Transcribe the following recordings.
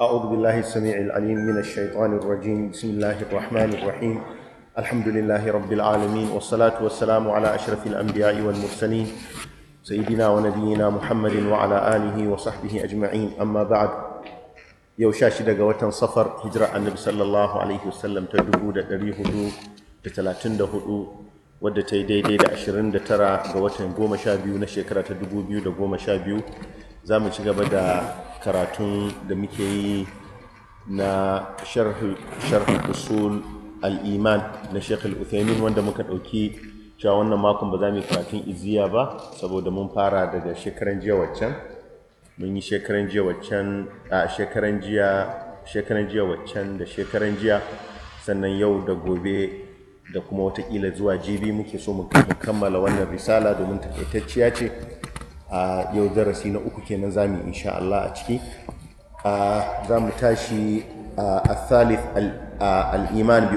أعوذ بالله السميع العليم من الشيطان الرجيم بسم الله الرحمن الرحيم الحمد لله رب العالمين والصلاة والسلام على أشرف الأنبياء والمرسلين سيدنا ونبينا محمد وعلى آله وصحبه أجمعين أما بعد yau sha shida ga watan safar hijira annabi sallallahu alaihi wasallam ta dubu da ɗari hudu da talatin da hudu wadda ta yi daidai da ashirin da tara ga watan goma sha biyu na shekara ta dubu biyu da goma sha biyu za mu ci gaba da karatun da muke yi na sharh usul al-iman na shekul al wanda muka ɗauki cewa wannan makon ba za mu karatun iziya ba saboda mun fara daga shekaran jiya waccan mun yi shekaran jiya waccan a shekaran jiya shekaran jiya waccan da shekaran jiya sannan yau da gobe da kuma watakila zuwa jibi muke so mu kammala wannan risala domin takaitacciya ce a yau darasi na uku kenan zamu insha Allah a ciki Za mu tashi a zamu tashi bi الإيمان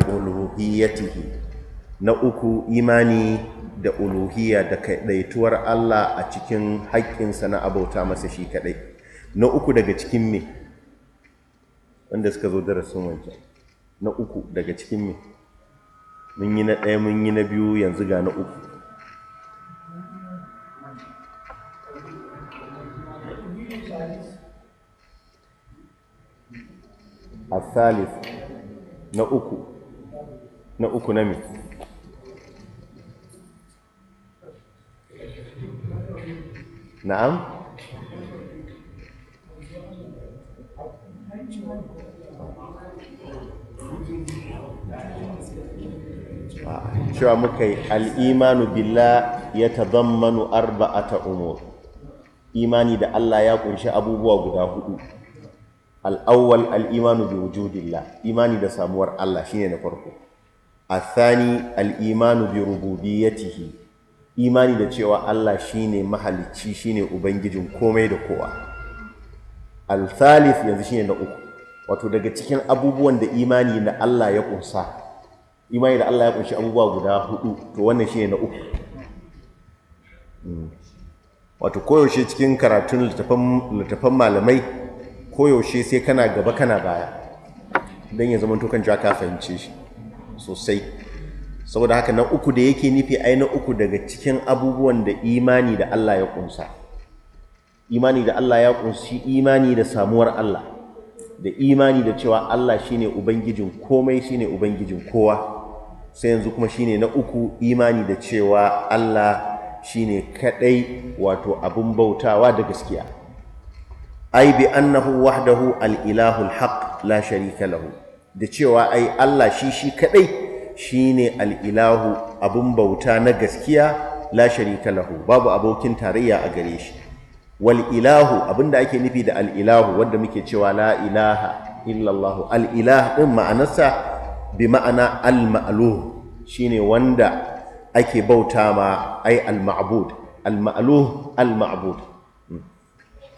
Na uku imani da uluhiyya da kaɗaituwar Allah a cikin haƙƙinsa na abauta masa shi kaɗai na uku daga cikin me wanda suka zo darasin wancan na uku daga cikin me mun yi na ɗaya mun yi na biyu yanzu ga na uku الثالث نأكو نأكو نمي نعم شو مكي الإيمان بالله يتضمن أربعة أمور إيماني ده الله يقول شيء أبو بوغ ده al'awwal al'imanu bi wujudillah imani da samuwar Allah shine na farko athani al'imanu bi tihi, imani da cewa Allah shine mahalicci shine ubangijin komai da kowa al-thalith yanzu shine na uku wato daga cikin abubuwan da imani da Allah ya kunsa imani da Allah ya kunshi abubuwa guda hudu to wannan shine na uku hmm. wato koyaushe cikin karatun littafan malamai koyaushe sai kana gaba kana baya don ya zama tukan ka fahimce shi sosai saboda haka na uku da yake nufi ai na uku daga cikin abubuwan da imani da Allah ya kunsa imani da Allah ya kunshi imani da samuwar Allah da imani da cewa Allah shine ubangijin komai shine ubangijin kowa sai yanzu kuma shine na uku imani da cewa Allah shine kadai wato abun bautawa da gaskiya ai bi annahu wahdahu al-ilahu haq la sharika lahu da cewa ai Allah shi shi kaɗai shine al-ilahu abun bauta na gaskiya la sharika lahu babu abokin tarayya a gare shi Wal'ilahu ilahu da ake nufi da al'ilahu ilahu wanda muke cewa la ilaha illallah al ilah din ma'anarsa bi ma'ana al ma'luh shine wanda ake bauta ma ai al ma'bud al ma'luh al ma'bud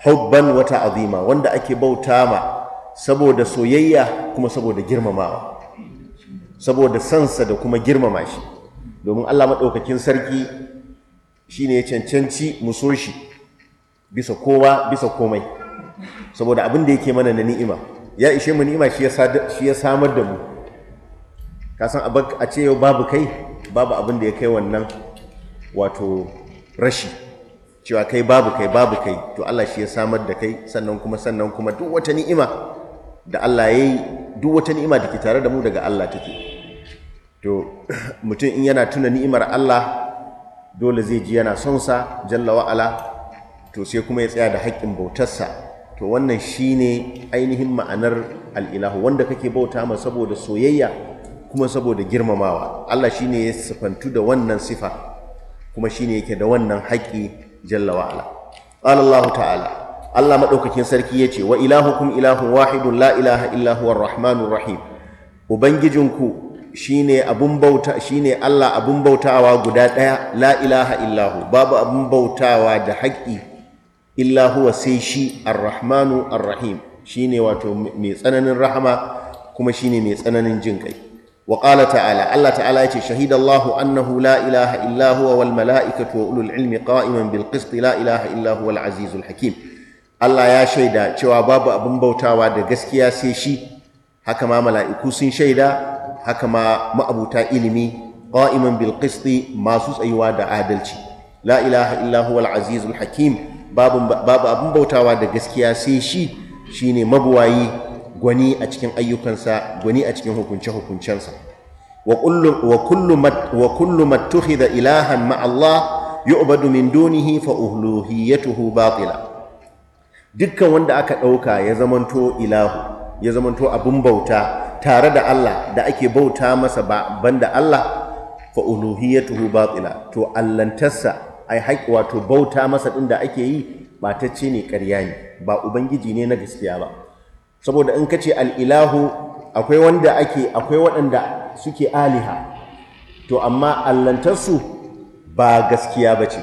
hubban wata azima wanda ake bauta ma saboda soyayya kuma saboda girmamawa saboda sansa da kuma girmama shi domin Allah maɗaukakin sarki shine ya cancanci musoshi bisa kowa bisa komai saboda abin da yake mana na ni'ima ya ishe mu ni'ima shi ya samar da mu ka san a ce yau babu kai babu abin da ya kai wannan wato rashi cewa kai babu kai babu kai to Allah shi ya samar da kai sannan kuma sannan kuma duk wata ni'ima da Allah ya yi duk wata ni'ima da ke tare da mu daga Allah take to mutum in yana tuna ni'imar Allah dole zai ji yana son sa jalla wa'ala to sai kuma ya tsaya da haƙƙin bautarsa to wannan shine ainihin ma'anar al'ilahu wanda kake bauta ma saboda soyayya kuma saboda girmamawa Allah shi ne ya sifantu da wannan sifa kuma shi ne yake da wannan haƙƙi jalla wa ala Allah ta'ala Allah madaukakin sarki yace wa ilahukum ilahun wahidun la ilaha illa huwa arrahmanur rahim ubangijinku shine abun bauta shine Allah abun bautawa guda daya la ilaha illahu babu abun bautawa da haƙi illa huwa sai shi arrahmanu arrahim shine wato mai tsananin rahama kuma shine mai tsananin jin kai wa ta'ala Allah ta'ala yace shahidallahu annahu la ilaha illa huwa wal mala'ikatu wa ulul ilmi qa'iman bil qist la ilaha illa huwa al Allah ya shaida cewa babu abin bautawa da gaskiya sai shi haka mala'iku sun shaida haka ma ma'abuta ilimi qa'iman bil masu tsayuwa da adalci la ilaha illa huwa al babu babu abin bautawa da gaskiya sai shi shine mabuwayi gwani a cikin ayyukansa gwani a cikin hukunce-hukuncensa wa kullum mattuhi da ilahan ma'allah yu'badu min dunihi fa tuhu batila dukkan wanda aka ɗauka ya zamanto ilahu ya zamanto abin bauta tare da Allah da ake bauta masa ba banda Allah fa tuhu batila to allantarsa ai haƙi wato bauta masa ɗin da ake yi ba ta ce ne ƙarya ne ba ubangiji ne na gaskiya ba saboda in ka ce al'ilahu akwai wanda ake akwai waɗanda suke aliha to amma allantarsu ba gaskiya ba ce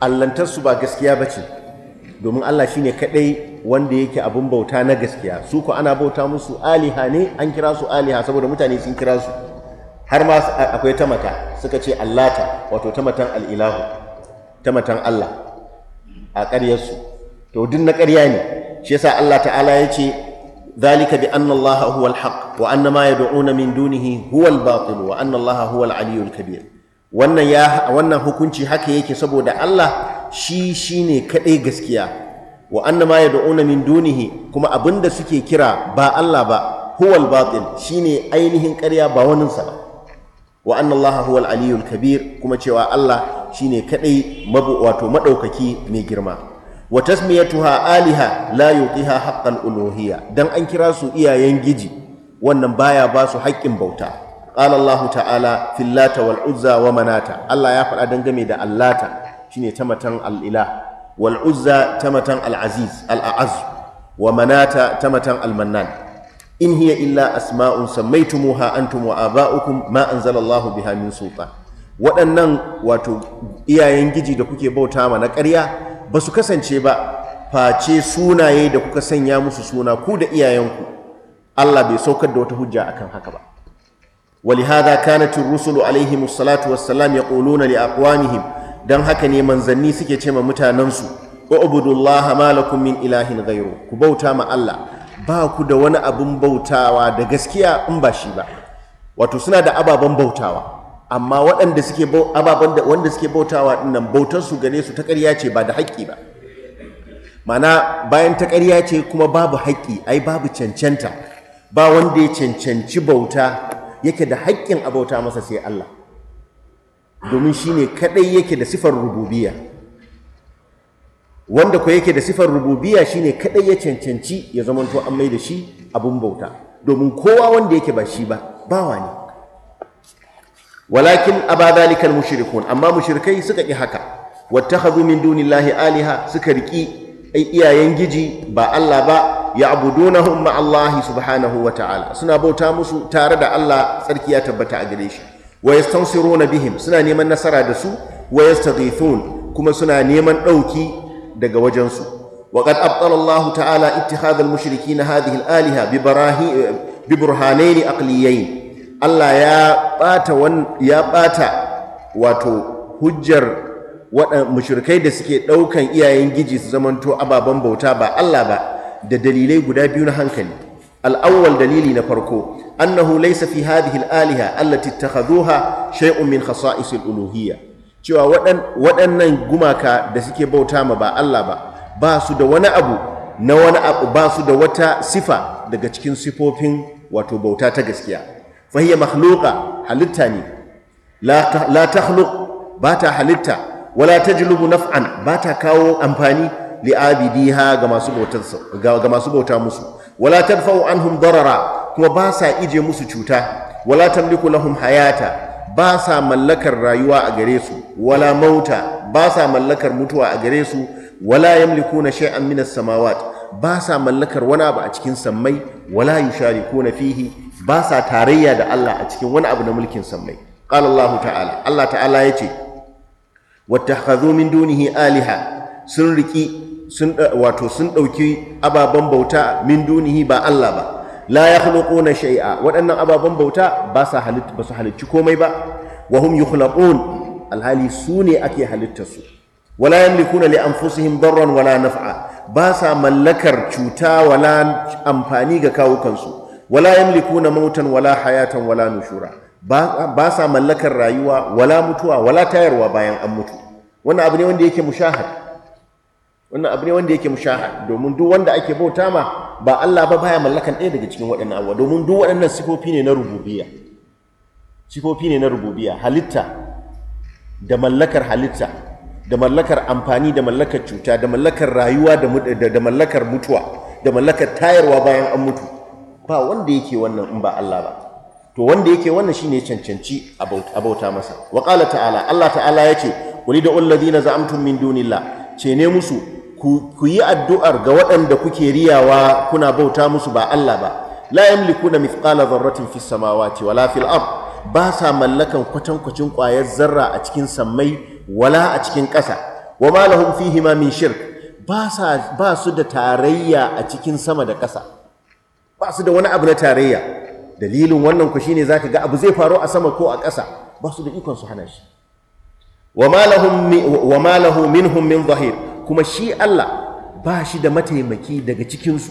allantarsu ba gaskiya ba ce domin Allah shine kaɗai wanda yake abin bauta na gaskiya su ko ana bauta musu aliha ne an kira su aliha saboda mutane sun kira su har ma akwai tamata suka ce allata wato tamatan al'ilahu tamatan Allah a ƙaryarsu to duk na ƙarya ne shi yasa Allah ta'ala ya ce bi ذلك wa الله هو الحق وأن ما min من دونه هو Wa وأن الله هو العلي الكبير wannan ya wannan hukunci haka yake saboda Allah shi shine kadai gaskiya wa annama yad'una min dunihi kuma abinda suke kira ba Allah ba huwal batil shine ainihin karya ba wanin ba wa anna Allah huwal aliyul kabir kuma cewa Allah shine kadai wato maɗaukaki mai girma wa tasmiyatuha aliha la ha haqqal uluhiyya dan an kira su iyayen giji wannan baya ba su haƙƙin bauta qala Allah ta'ala fillata wal'uzza uzza wa manata Allah ya faɗa dangane da allata shine tamatan al Wal'uzza wal uzza tamatan al aziz al a'az wa manata tamatan al mannan in hiya illa asma'un sammaytumuha antum wa aba'ukum ma anzala Allah biha min sultan waɗannan wato iyayen giji da kuke bauta ma na karya, ba su kasance ba face sunaye da kuka sanya musu suna ku da iyayenku Allah bai saukar da wata hujja akan haka ba ولهذا كانت الرسل عليهم الصلاة والسلام يقولون لأقوامهم دم هكني من زني سكي تيما متى ننسو اعبدوا الله ما لكم من إله غيره كبوتا ما الله باكو دا وانا أبن بوتا ودا غسكيا انباشي با وتسنا دا أبا بن بوتا أما وأن دا سكي بو أبا بن دا وأن دا سكي بوتا وأن بوتا سو غريسو تكرياتي بعد حقي با معنى باين تكرياتي كما باب حقي أي باب چنچنتا با وان دي چنچنچي بوتا yake da haƙƙin abauta masa sai Allah domin shi ne kaɗai yake da sifar rububiya wanda ko yake da sifar rububiya shi ne kaɗai ya cancanci ya zamanto an mai da shi abun bauta domin kowa wanda yake ba shi ba bawa ne walakin aba zalikal mushrikun amma mushrikai suka ƙi haka wattakhadhu min dunillahi aliha suka riƙi ai iyayen giji ba Allah ba ya'budunahum ma Allah subhanahu wa ta'ala suna bauta musu tare da Allah tsarki ya tabbata a gare shi wa yastansiruna bihim suna neman nasara da su wa yastaghithun kuma suna neman dauki daga wajen su wa qad abtala Allah ta'ala ittikhadha al-mushrikeena hadhihi al-aliha bi barahi bi burhanayn aqliyayn Allah ya bata ya bata wato hujjar mushrikai da suke ɗaukan iyayen giji su zamanto ababen bauta ba Allah ba da dalilai guda biyu na hankali al'awwal dalili na farko annahu laysa fi hadhihi al-aliha allati ittakhadhuha shay'un min khasa'is al-uluhiyya cewa waɗannan gumaka da suke bauta ma ba Allah ba ba su da wani abu na wani abu ba su da wata sifa daga cikin sifofin wato bauta ta gaskiya fa hiya makhluqa halitta ne la takhluq ba ta halitta wala ta na naf'an ba ta kawo amfani li abidiha ga masu ga masu bauta musu wala tadfa'u anhum darara kuma ba sa ije musu cuta wala tamliku lahum hayata ba sa mallakar rayuwa a gare su wala mauta ba sa mallakar mutuwa a gare su wala yamlikuna na min as-samawat ba sa mallakar wani abu a cikin sammai wala yusharikuna fihi ba sa tarayya da Allah a cikin wani abu na mulkin sammai qala Allah ta'ala Allah ta'ala yace wattakhadhu min dunihi aliha sun riki eh, wato sun dauki ababen bauta min dunihi ba Allah ba la yakhluquna shay'a waɗannan ababan bauta ba sa halitta ba su halicci komai ba wa hum yukhlaqun alhali su ne ake halitta su wala yamlikuna li anfusihim darran wala naf'a ba sa mallakar cuta wala amfani ga kawukansu wala yamlikuna mautan wala hayatan wala nushura ba sa mallakar rayuwa wala mutuwa wala tayarwa bayan an mutu wannan abu ne wanda yake mushahad wannan abu ne wanda yake mushahad domin duk wanda ake bauta ma ba Allah ba baya mallakan ɗaya daga cikin waɗannan abubuwa domin duk waɗannan sifofi ne na rububiyya sifofi ne na rububiyya halitta da mallakar halitta da mallakar amfani da mallakar cuta da mallakar rayuwa da mallakar mutuwa da mallakar tayarwa bayan an mutu ba wanda yake wannan in ba Allah ba to wanda yake wannan shine cancanci a bauta masa wa qala ta'ala Allah ta'ala ya ce, wani da alladhina za'amtum min dunillah ce ne musu ku yi addu'ar ga waɗanda kuke riyawa kuna bauta musu ba Allah ba la yamlikuna mithqala dharratin fis samawati wala fil ard ba sa mallakan kwatankwacin ƙwayar zarra a cikin sammai wala a cikin ƙasa wa ma lahum fihi ma min shirk ba ba su da tarayya a cikin sama da ƙasa ba su da wani abu na tarayya dalilin wannan ku shine zaka ga abu zai faru a sama ko a ƙasa ba su da ikon su hana shi wa ma lahu minhum min zahir kuma shi Allah ba shi da mataimaki daga cikin su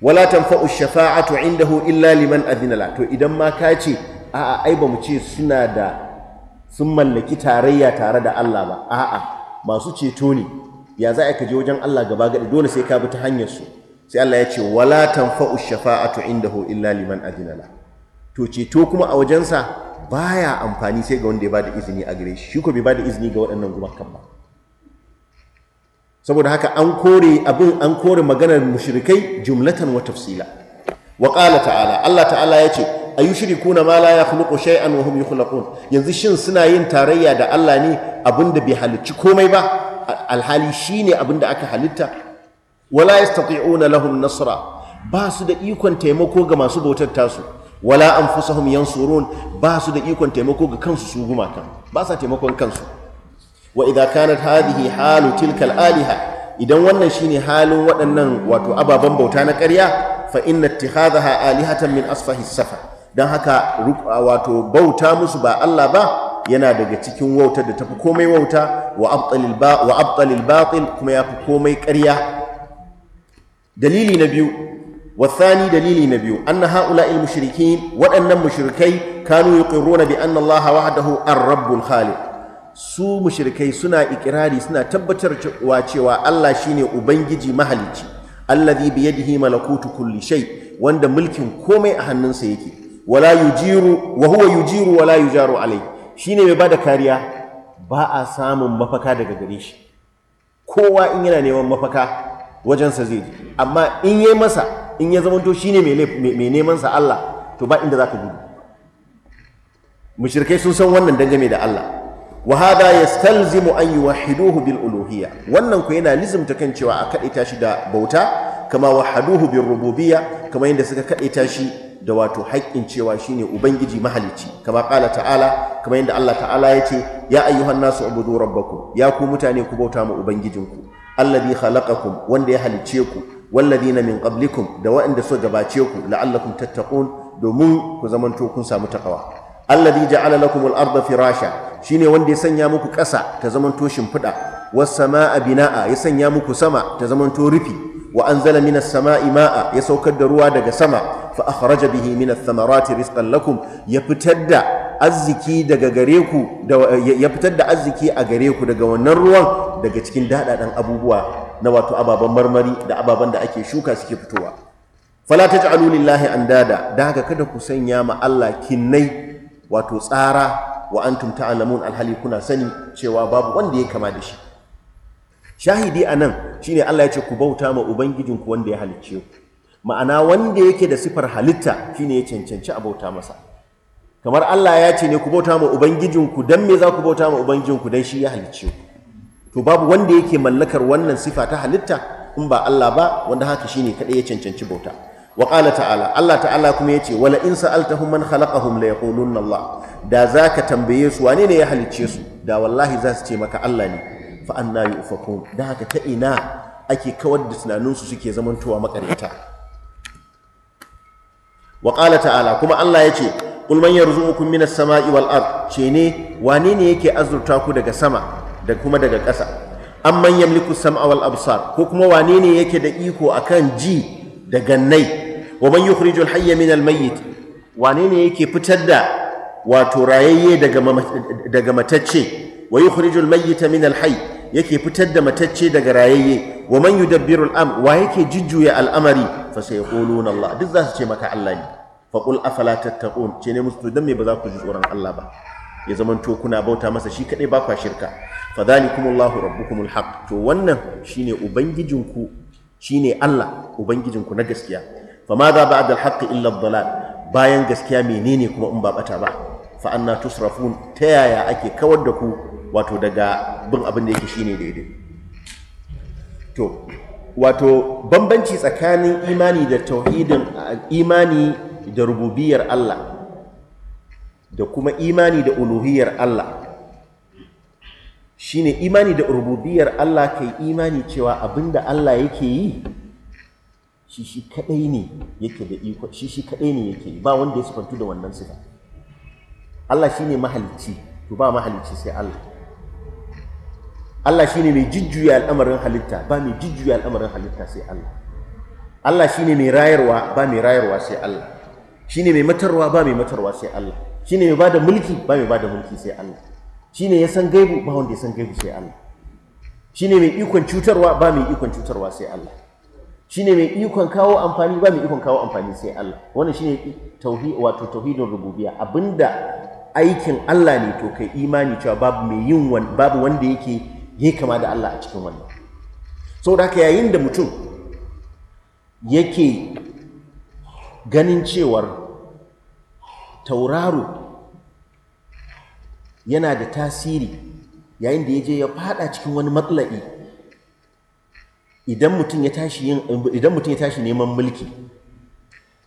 wala tanfa'u shafa'atu indahu illa liman adhina la to idan ma ka ce a'a ai ba mu ce suna da sun mallaki tarayya tare da Allah ba a'a masu ceto ne ya za a ka wajen Allah gaba gadi dole sai ka bi ta hanyarsu. sai Allah ya ce wala tanfa'u shafa'atu indahu illa liman adina la to to kuma a wajensa baya amfani sai ga wanda ya bada izini a gare shi shi ko bai bada izini ga waɗannan gumakan ba saboda haka an kore abin an kore maganar mushrikai jumlatan wa tafsila wa qala ta'ala Allah ta'ala ya ce ayushrikuna ma la yakhluqu shay'an wa hum yukhlaqun yanzu shin suna yin tarayya da Allah ne abinda bai halicci komai ba alhali shine abinda aka halitta wala yastati'una lahum nasra ba su da ikon taimako ga masu bautar tasu wala an anfusahum yansurun ba su da ikon taimako ga kansu su gumaka ba sa taimakon kansu wa idza kanat hadhihi halu tilkal aliha idan wannan shine halin waɗannan wato ababen bauta na ƙarya fa inna ittihadaha alihatan min asfahi safa dan haka wato bauta musu ba Allah ba yana daga cikin wautar da tafi komai wauta wa abdalil ba wa abdalil batil kuma yafi komai ƙarya dalili na biyu والثاني دليل نبي أن هؤلاء المشركين وأن المشركي كانوا يقرون بأن الله an الرب su mushirikai suna ikirari suna tabbatar wa cewa Allah shine ubangiji mahalici alladhi bi yadihi malakutu kulli shay wanda mulkin komai a hannunsa yake wala yujiru wa huwa yujiru wala yujaru alai shine mai bada kariya ba a samun mafaka daga gare shi kowa in yana neman mafaka wajensa zai je amma in yi masa in ya zamanto shi ne mai neman sa Allah to ba inda za ka gudu mushrikai sun san wannan dangane da Allah wa hada yastalzimu an yuwahhiduhu bil uluhiyya wannan ku yana lizumta kan cewa a kaɗe shi da bauta kama wahaduhu bil rububiyya kama yadda suka kadaita shi da wato haƙƙin cewa shine ubangiji mahalicci kama qala ta'ala kama yadda Allah ta'ala yace ya ayyuhan nasu ubudu rabbakum ya ku mutane ku bauta ma ubangijinku alladhi khalaqakum wanda ya halice ku walladhina min qablikum da waɗanda suka gabace ku la'allakum tattaqun domin ku zamanto kun samu takawa alladhi ja'ala lakum al-ardha firasha shine wanda ya sanya muku ƙasa ta zamanto shimfiɗa was samaa bina'a ya sanya muku sama ta zamanto rufi wa anzala minas samaa'i ma'a ya saukar da ruwa daga sama fa akhraja bihi minas thamarati rizqan lakum ya fitar da arziki daga gare ku ya fitar da arziki a gare ku daga wannan ruwan daga cikin daɗaɗan abubuwa na wato ababen marmari da ababen da ake shuka suke fitowa fala taj'alu lillahi andada da haka kada ku sanya ma Allah kinnai wato tsara wa an tumta alamun alhali kuna sani cewa babu wanda ya kama da shi shahidi a anan shine Allah ya ce ku bauta ma ubangijinku wanda ya halicce ku ma'ana wanda yake da siffar halitta shi ne ya cancanci a bauta masa kamar Allah ya ce ne ku bauta ma ubangijinku dan me za ku bauta ma ubangijinku dan shi ya halicce ku to babu wanda yake mallakar wannan sifa ta halitta in ba Allah ba wanda haka shi ne kadai ya cancanci bauta wa qala ta'ala Allah ta'ala kuma ya ce wala in sa'altahum man khalaqahum la yaqulunna Allah da zaka tambaye su wane ne ya halicce su da wallahi za su ce maka Allah ne fa anna yufakun da haka ta ina ake kawar da tunanin su suke zamantowa makareta wa qala ta'ala kuma Allah yace qul man yarzuqukum minas sama'i wal ard ce ne wane ne yake azurta ku daga sama da kuma daga ƙasa amman yamliku sam'a wal absar ko kuma wane ne yake da iko akan ji da gannai wa man yukhrijul hayya minal mayyit wane ne yake fitar da wato rayayye daga daga matacce wa yukhrijul mayyita minal hayy yake fitar da matacce daga rayayye wa man yudabbirul am wa yake jujjuya al'amari fa sayquluna Allah duk za su ce maka Allah ne faqul afala tattaqun ce ne musu don me ba za ku ji tsoron Allah ba ya zama to kuna bauta masa shi kaɗai ba kwa shirka fadhalikumullahu rabbukumul alhaq to wannan shine ubangijinku shine Allah ubangijinku na gaskiya Fa ma za ba al-haqq illa bayan gaskiya menene kuma in ba bata ba fa anna tusrafun ta yaya ake kawar da ku wato daga bin abin da yake shine daidai to wato bambanci tsakanin imani da tauhidin imani da rububiyar Allah da kuma imani da uluhiyar Allah shine imani da rububiyar Allah kai imani cewa abinda Allah yake yi shi shi kadai ne yake da iko shi shi kadai ne yake ba wanda ya sifantu da wannan sifa Allah shine mahalicci to ba mahalicci sai Allah Allah shine mai jujjuya al'amarin halitta ba mai jujjuya al'amarin halitta sai Allah Allah shine mai rayarwa ba mai rayarwa sai Allah Shi ne mai matarwa ba mai matarwa sai Allah Shi ne mai ba da mulki ba mai ba da mulki sai Allah Shi ne ya san gaibu ba wanda ya san gaibu sai Allah Shi ne mai ikon cutarwa ba mai ikon cutarwa sai Allah Shi ne mai ikon kawo amfani ba mai ikon kawo amfani sai Allah wannan shi ne wato tauhidin rububiya, abinda aikin Allah ne to kai imani cewa babu mai yin babu wanda yake yi kama da Allah a cikin wannan saboda haka yayin da mutum yake ganin cewar tauraro yana da tasiri yayin da ya je ya fada cikin wani matsala'i idan mutum ya tashi neman mulki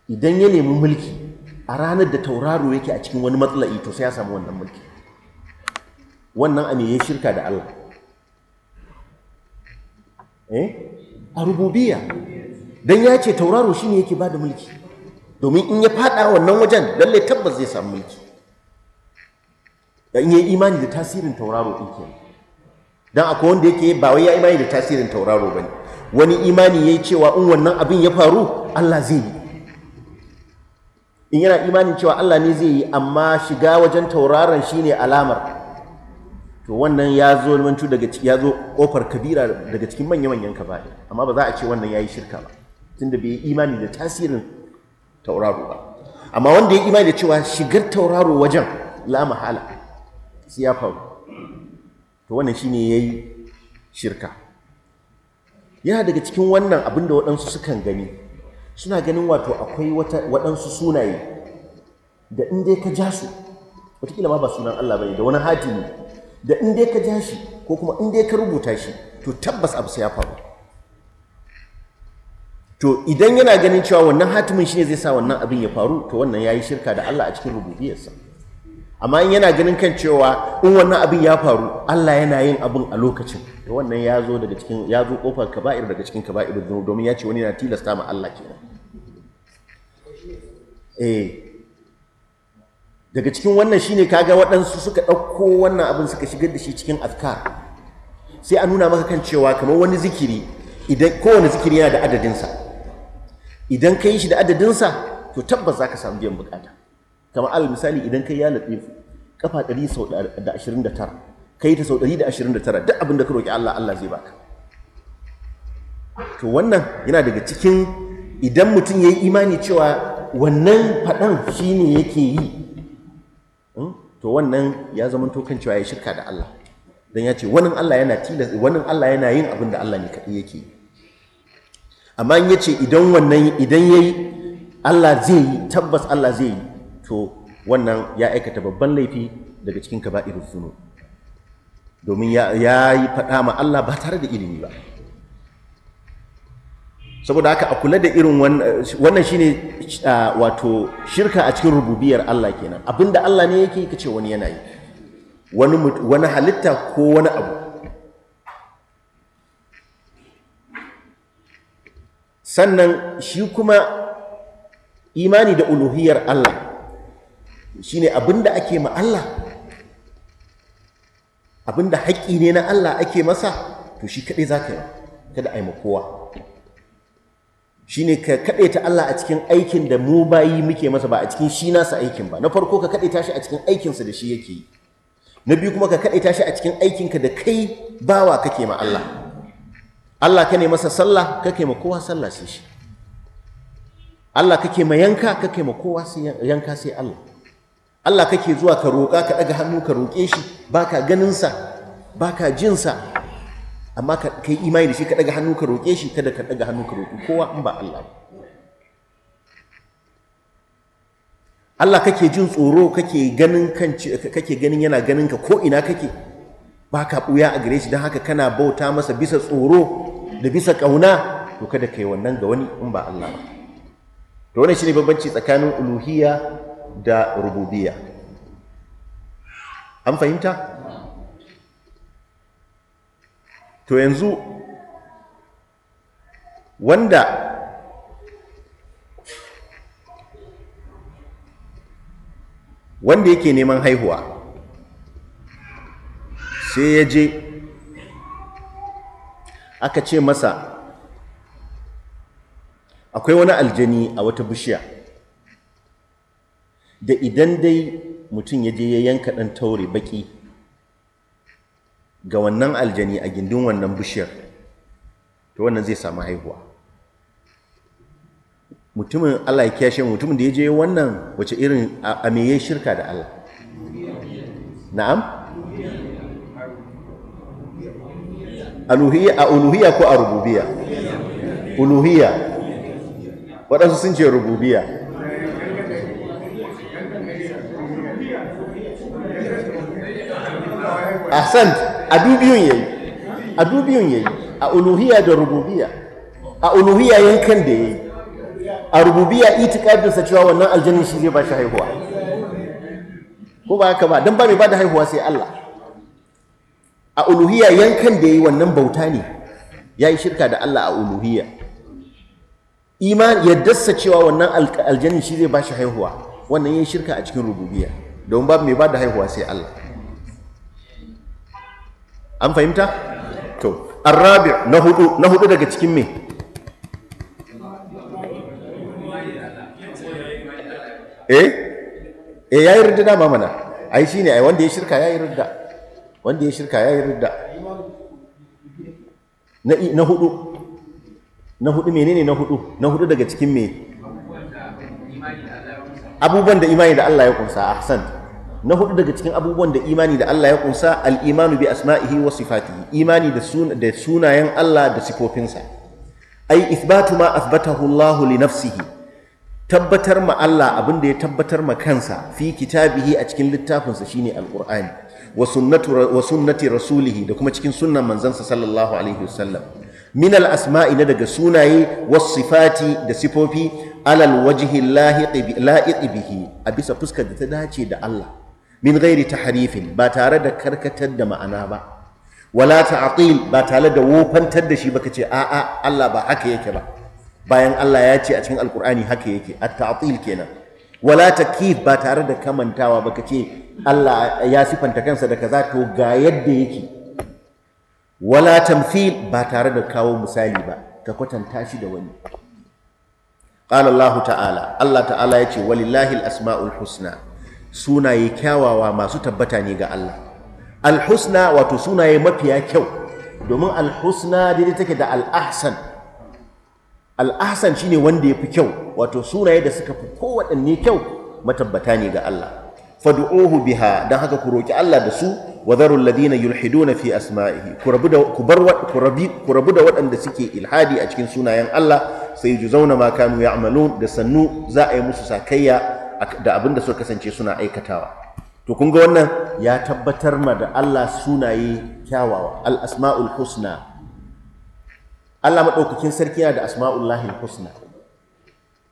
idan ya nemi mulki a ranar da tauraro yake a cikin wani matsala'i to sai ya samu wannan mulki wannan a ya shirka da Allah eh a rububiya don ya ce tauraro shi ne yake ba da mulki domin in ya fada wannan wajen lalle tabbas zai samu mulki in yi imani da tasirin tauraro din kenan dan akwai wanda yake ba wai ya imani da tasirin tauraro bane wani imani yayi cewa in wannan abin ya faru Allah zai yi in yana imanin cewa Allah ne zai yi amma shiga wajen tauraron shine alamar to wannan ya zo mantu daga ya zo kofar kabira daga cikin manya-manyan kabari amma ba za a ce wannan yayi shirka ba tunda bai yi imani da tasirin tauraro ba amma wanda ya imani da cewa shigar tauraro wajen la mahala sai ya faru to wannan shine yayi shirka yana daga cikin wannan abinda waɗansu sukan gani suna ganin wato akwai waɗansu sunaye da in dai ka ja su wataƙila ma ba sunan Allah bane da wani hatimi da in dai ka ja shi ko kuma in dai ka rubuta shi to tabbas abu sai ya faru to idan yana ganin cewa wannan hatimin shine zai sa wannan abin ya faru to wannan yayi shirka da Allah a cikin rububiyarsa amma in yana ganin kan cewa in wannan abin ya faru Allah yana yin abin a lokacin to wannan ya zo daga cikin ya zo kofar kaba'ir daga cikin kaba'ir zunub domin ya ce wani yana tilasta ma Allah kenan eh daga cikin wannan shine kaga waɗansu suka ɗauko wannan abin suka shigar da shi cikin azkar sai a nuna maka kan cewa kamar wani zikiri idan kowane zikiri yana da adadinsa idan ka yi shi da adadinsa to tabbas za ka samu biyan bukata kamar alal misali idan ka yi ya latif kafa ɗari sau da tara, ka yi ta sau 129 duk abin da ka roƙi Allah Allah zai baka to wannan yana daga cikin idan mutum ya yi imani cewa wannan faɗan shi ne yake yi hmm, to wannan ya zama tokan cewa ya shirka da Allah don ya ce wani Allah yana wani Allah yana yin abin da Allah ne kaɗai yake yi amma in ce idan wannan idan yayi Allah zai yi tabbas Allah zai yi to wannan ya aikata babban laifi daga cikin ka ba'irin suno domin ya yi faɗa ma Allah ba tare da ilimi ba saboda haka a kula da irin wannan shi ne wato shirka a cikin rububiyar Allah kenan abinda Allah ne yake kace wani yana yi wani halitta ko wani abu sannan shi kuma imani da uluhiyar Allah shi ne abinda ake ma Allah abinda haƙƙi ne na Allah ake masa to shi kaɗai za ka yi kada a yi kowa shi ne ka kaɗaita Allah a cikin aikin da mu bayi muke masa ba a cikin shi nasa aikin ba na farko ka kaɗaita shi a cikin aikinsa da shi yake yi na biyu kuma ka kaɗaita shi a cikin aikinka da kai bawa kake ma Allah Allah ka ne masa sallah kake ma kowa sallah sai shi Allah kake ma yanka kake ma kowa sai yanka sai Allah Allah kake zuwa ka roƙa ka ɗaga hannu ka roƙe shi baka ganin sa baka jin sa amma ka kai imani da shi ka ɗaga hannu ka roƙe shi kada ka ɗaga hannu ka roƙi kowa in ba Allah ba Allah kake jin tsoro kake ganin kake ganin yana ganin ka ko ina kake ba ka ɓuya a gare shi don haka kana bauta masa bisa tsoro da bisa ƙauna to kada ka yi wannan ga wani in ba Allah ba to wannan shine bambanci tsakanin uluhiyya da rububiyya an fahimta to yanzu wanda wanda yake neman haihuwa sai ya je aka ce masa akwai wani aljani a wata bishiya da idan dai mutum ya je ya yanka ɗan taure baki ga wannan aljani a gindin wannan bishiyar to wannan zai samu haihuwa mutumin Allah ya kyashe mutumin da ya je wannan wace irin a me shirka da Allah na'am aluhiya a uluhiya ko a rububiya? Uluhiya. waɗansu sun ce rububiya. a San a dubiyun yayi a dubiyun yayi a uluhiya da rububiya. a uluhiya yankan da yayi a rububiyya itikadinsa cewa wannan aljannin shi zai ba shi haihuwa ko ba haka ba don ba mai ba da haihuwa sai Allah a uluhiyya yankan da ya yi wannan bauta ne ya yi shirka da Allah a uluhiyya iman yaddarsa cewa wannan aljannin shi zai ba shi haihuwa wannan ya yi shirka a cikin rububiyya don babu mai da haihuwa sai Allah an fahimta to An na hudu na hudu daga cikin me eh eh yi ridda dama mana ai ne ai wanda ya shirka ya yi ridda wanda ya shirka ya yi ridda na hudu na hudu menene na hudu na hudu daga cikin me abubuwan da imani da Allah ya kunsa ahsan na hudu daga cikin abubuwan da imani da Allah ya kunsa al-imanu bi asma'ihi wa sifatihi imani da sunayen Allah da sifofinsa ai ithbatu ma athbatahu Allah li nafsihi tabbatar ma Allah abin da ya tabbatar ma kansa fi kitabihi a cikin littafinsa shine al-qur'ani wa sunnati rasulihi da kuma cikin sunnan manzansa sallallahu alaihi wasallam min al asma'i na daga sunaye was sifati da sifofi alal wajhi lahiqi bihi a bisa fuskar da ta dace da Allah min ghairi tahrifin ba tare da karkatar da ma'ana ba wala ta'til ba tare da wofantar da shi ba kace a'a Allah ba haka yake ba bayan Allah ya ce a cikin alqur'ani haka yake at ta'til kenan wala kif ba tare da kamantawa ba ce Allah ya sifanta kansa da kaza to ga yadda yake wala tamthil ba tare da kawo misali ba ka kwatanta shi da wani qala Allah ta'ala Allah ta'ala yace walillahi al-asma'ul husna sunaye kyawawa masu tabbata ne ga Allah al-husna wato sunaye mafiya kyau domin al-husna daidai take da al-ahsan shi ne wanda ya fi kyau wato sunaye da suka fi kowaɗanne kyau matabbata ne ga Allah fad'uhu biha Don haka ku roki Allah da su wa dharul ladina yulhiduna fi asma'ihi ku rabu da ku rabu da waɗanda suke ilhadi a cikin sunayen Allah sai zauna ma kanu ya'malun da sannu za a yi musu sakayya da abin da suka kasance suna aikatawa to kun ga wannan ya tabbatar ma da Allah sunaye kyawawa al asma'ul husna Allah maɗaukakin sarki yana da asma'ullahi husna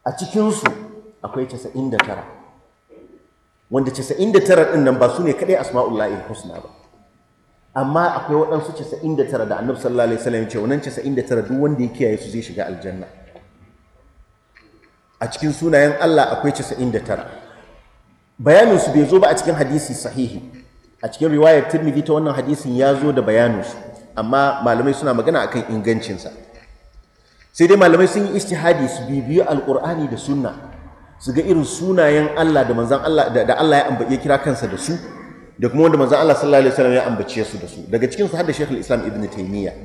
a cikinsu akwai casa'in da tara. wanda casa'in tara ɗin nan ba su ne kaɗai asma'ullahi husna ba amma akwai waɗansu casa'in da tara da annabi sallallahu alaihi wasallam ce wannan tara duk wanda ya kiyaye su zai shiga aljanna a cikin sunayen Allah akwai casa'in tara bayanin su bai zo ba a cikin hadisi sahihi a cikin riwayar Tirmidhi ta wannan hadisin ya zo da bayanin su amma malamai suna magana akan ingancinsa sai dai malamai sun yi istihadi su bibiyi alkur'ani da sunna su ga irin sunayen Allah da manzan Allah da Allah ya ambaci ya kira kansa da su da kuma wanda manzan Allah sallallahu alaihi wasallam ya ambace su da su daga cikin su har da Sheikh islam Ibn Taymiyyah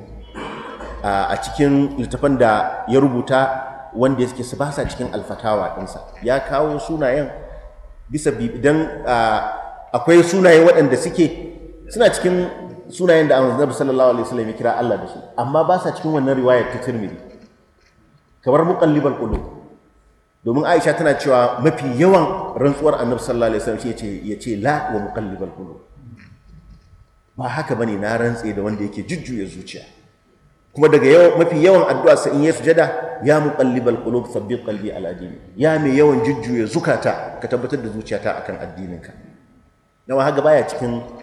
a cikin littafan da ya rubuta wanda yake su basa cikin alfatawa ɗinsa ya kawo sunayen bisa bibi, dan akwai sunaye waɗanda suke suna cikin sunayen da annabi sallallahu alaihi wasallam ya kira Allah da su amma ba sa cikin wannan riwayar ta Tirmidhi kamar muqallibal qulub domin Aisha tana cewa mafi yawan rantsuwar annabi sallallahu alaihi wasallam yace yace la wa muqallibal qulub ba haka bane na rantse da wanda yake jujjuya zuciya kuma daga mafi yawan addu'a sain in ya sujada ya muqallibal qulub thabbit qalbi ala dini ya mai yawan jujjuya zukata ka tabbatar da zuciyata akan addininka nawa haka baya cikin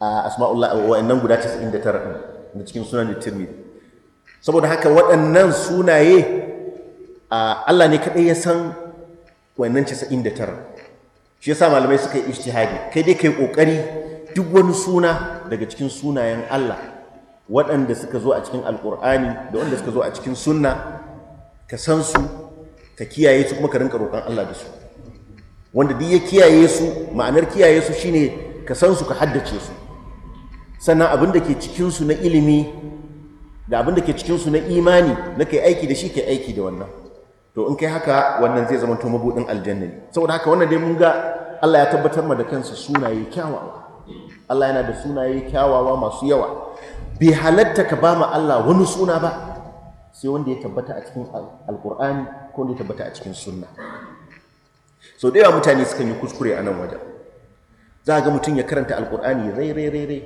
a asma'ullah wa'annan guda 99 da cikin sunan tirmidhi saboda haka waɗannan sunaye a Allah ne kaɗai ya san wannan 99 shi yasa malamai suka yi ijtihadi kai dai kai ƙoƙari duk wani suna daga cikin sunayen Allah waɗanda suka zo a cikin alkur'ani da wanda suka zo a cikin sunna ka san su ka kiyaye su kuma ka rinka roƙon Allah da su wanda duk ya kiyaye su ma'anar kiyaye su shine ka san su ka haddace su sannan abin da ke cikinsu na ilimi da abin da ke cikinsu na imani na kai aiki da shi kai aiki da wannan to in kai haka wannan zai zama to mabudin aljanna ne saboda haka wannan dai mun ga Allah ya tabbatar ma da kansa sunaye kyawawa Allah yana da sunaye kyawawa masu yawa bai halatta ka ba ma Allah wani suna ba sai wanda ya tabbata a cikin alkur'ani ko wanda ya tabbata a cikin sunna so da yawa mutane sukan yi kuskure a nan wajen za ga mutum ya karanta alkur'ani rai rai rai rai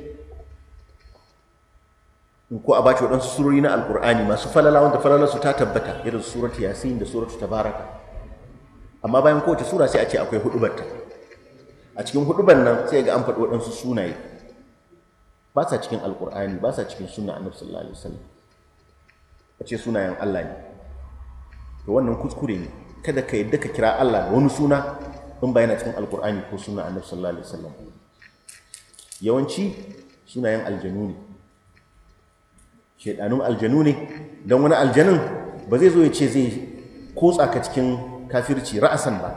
ko a baci waɗansu surori na alƙur'ani masu falala wanda falalarsu ta tabbata irin surat yasin da suratu tabaraka amma bayan kowace sura sai a ce akwai hudubarta a cikin hudubar nan sai ga an faɗi waɗansu sunaye ba sa cikin alƙur'ani ba sa cikin sunna annabi sallallahu alaihi wasallam a ce sunayen Allah ne to wannan kuskure ne kada ka yadda ka kira Allah da wani suna in ba yana cikin alƙur'ani ko sunna annabi sallallahu alaihi wasallam yawanci sunayen aljanu ne shaidanun aljanu ne don wani aljanun, ba zai zo ya ce zai kotsa ka cikin kafirci ra'asan ba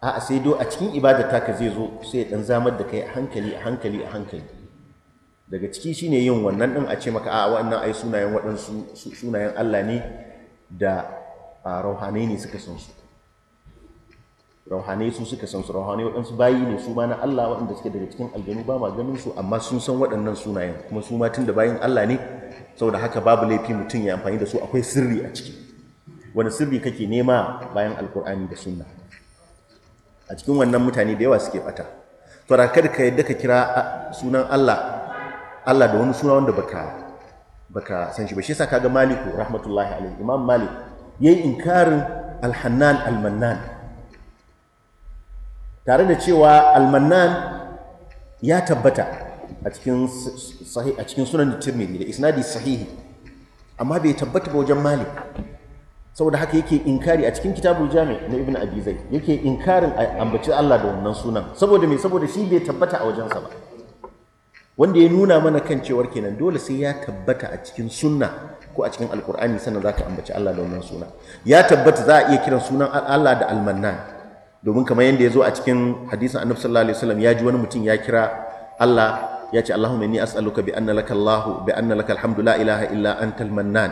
a sai do a cikin ibada taka zai zo sai ya dan zamar da kai a hankali a hankali a hankali daga ciki shine yin wannan din a ce maka a wannan ai sunayen waɗansu sunayen Allah ne da rauhanai ne suka san su rauhanai su suka san su rauhanai waɗansu bayi ne su ma na Allah waɗanda suke daga cikin aljanu ba ma ganin su amma sun san waɗannan sunayen kuma su ma tun da bayin Allah ne saboda haka babu laifi mutum ya amfani da su akwai sirri a ciki wani sirri kake nema bayan alkur'ani da sunna a cikin wannan mutane da yawa suke bata to da kada ka yadda ka kira sunan Allah Allah da wani suna wanda baka baka san shi ba shi yasa kaga Maliku rahmatullahi alaihi Imam Malik yayi inkarin alhannan almannan tare da cewa almannan ya tabbata a cikin sunan da sunan tirmidhi da isnadi sahihi amma bai tabbata ba wajen malik saboda haka yake inkari a cikin kitabul jami na ibn Abizai, yake inkarin ambaci Allah da wannan sunan saboda me saboda shi bai tabbata a wajensa ba wanda ya nuna mana kan cewar kenan dole sai ya tabbata a cikin sunna ko a cikin alkur'ani sannan ka ambaci Allah da wannan sunan ya tabbata za a iya kiran sunan Allah da almannan domin kamar yadda ya zo a cikin hadisin annabi sallallahu alaihi ya ji wani mutum ya kira Allah ya ce Allahumma inni as'aluka bi anna laka Allahu bi anna laka alhamdu la ilaha illa antal mannan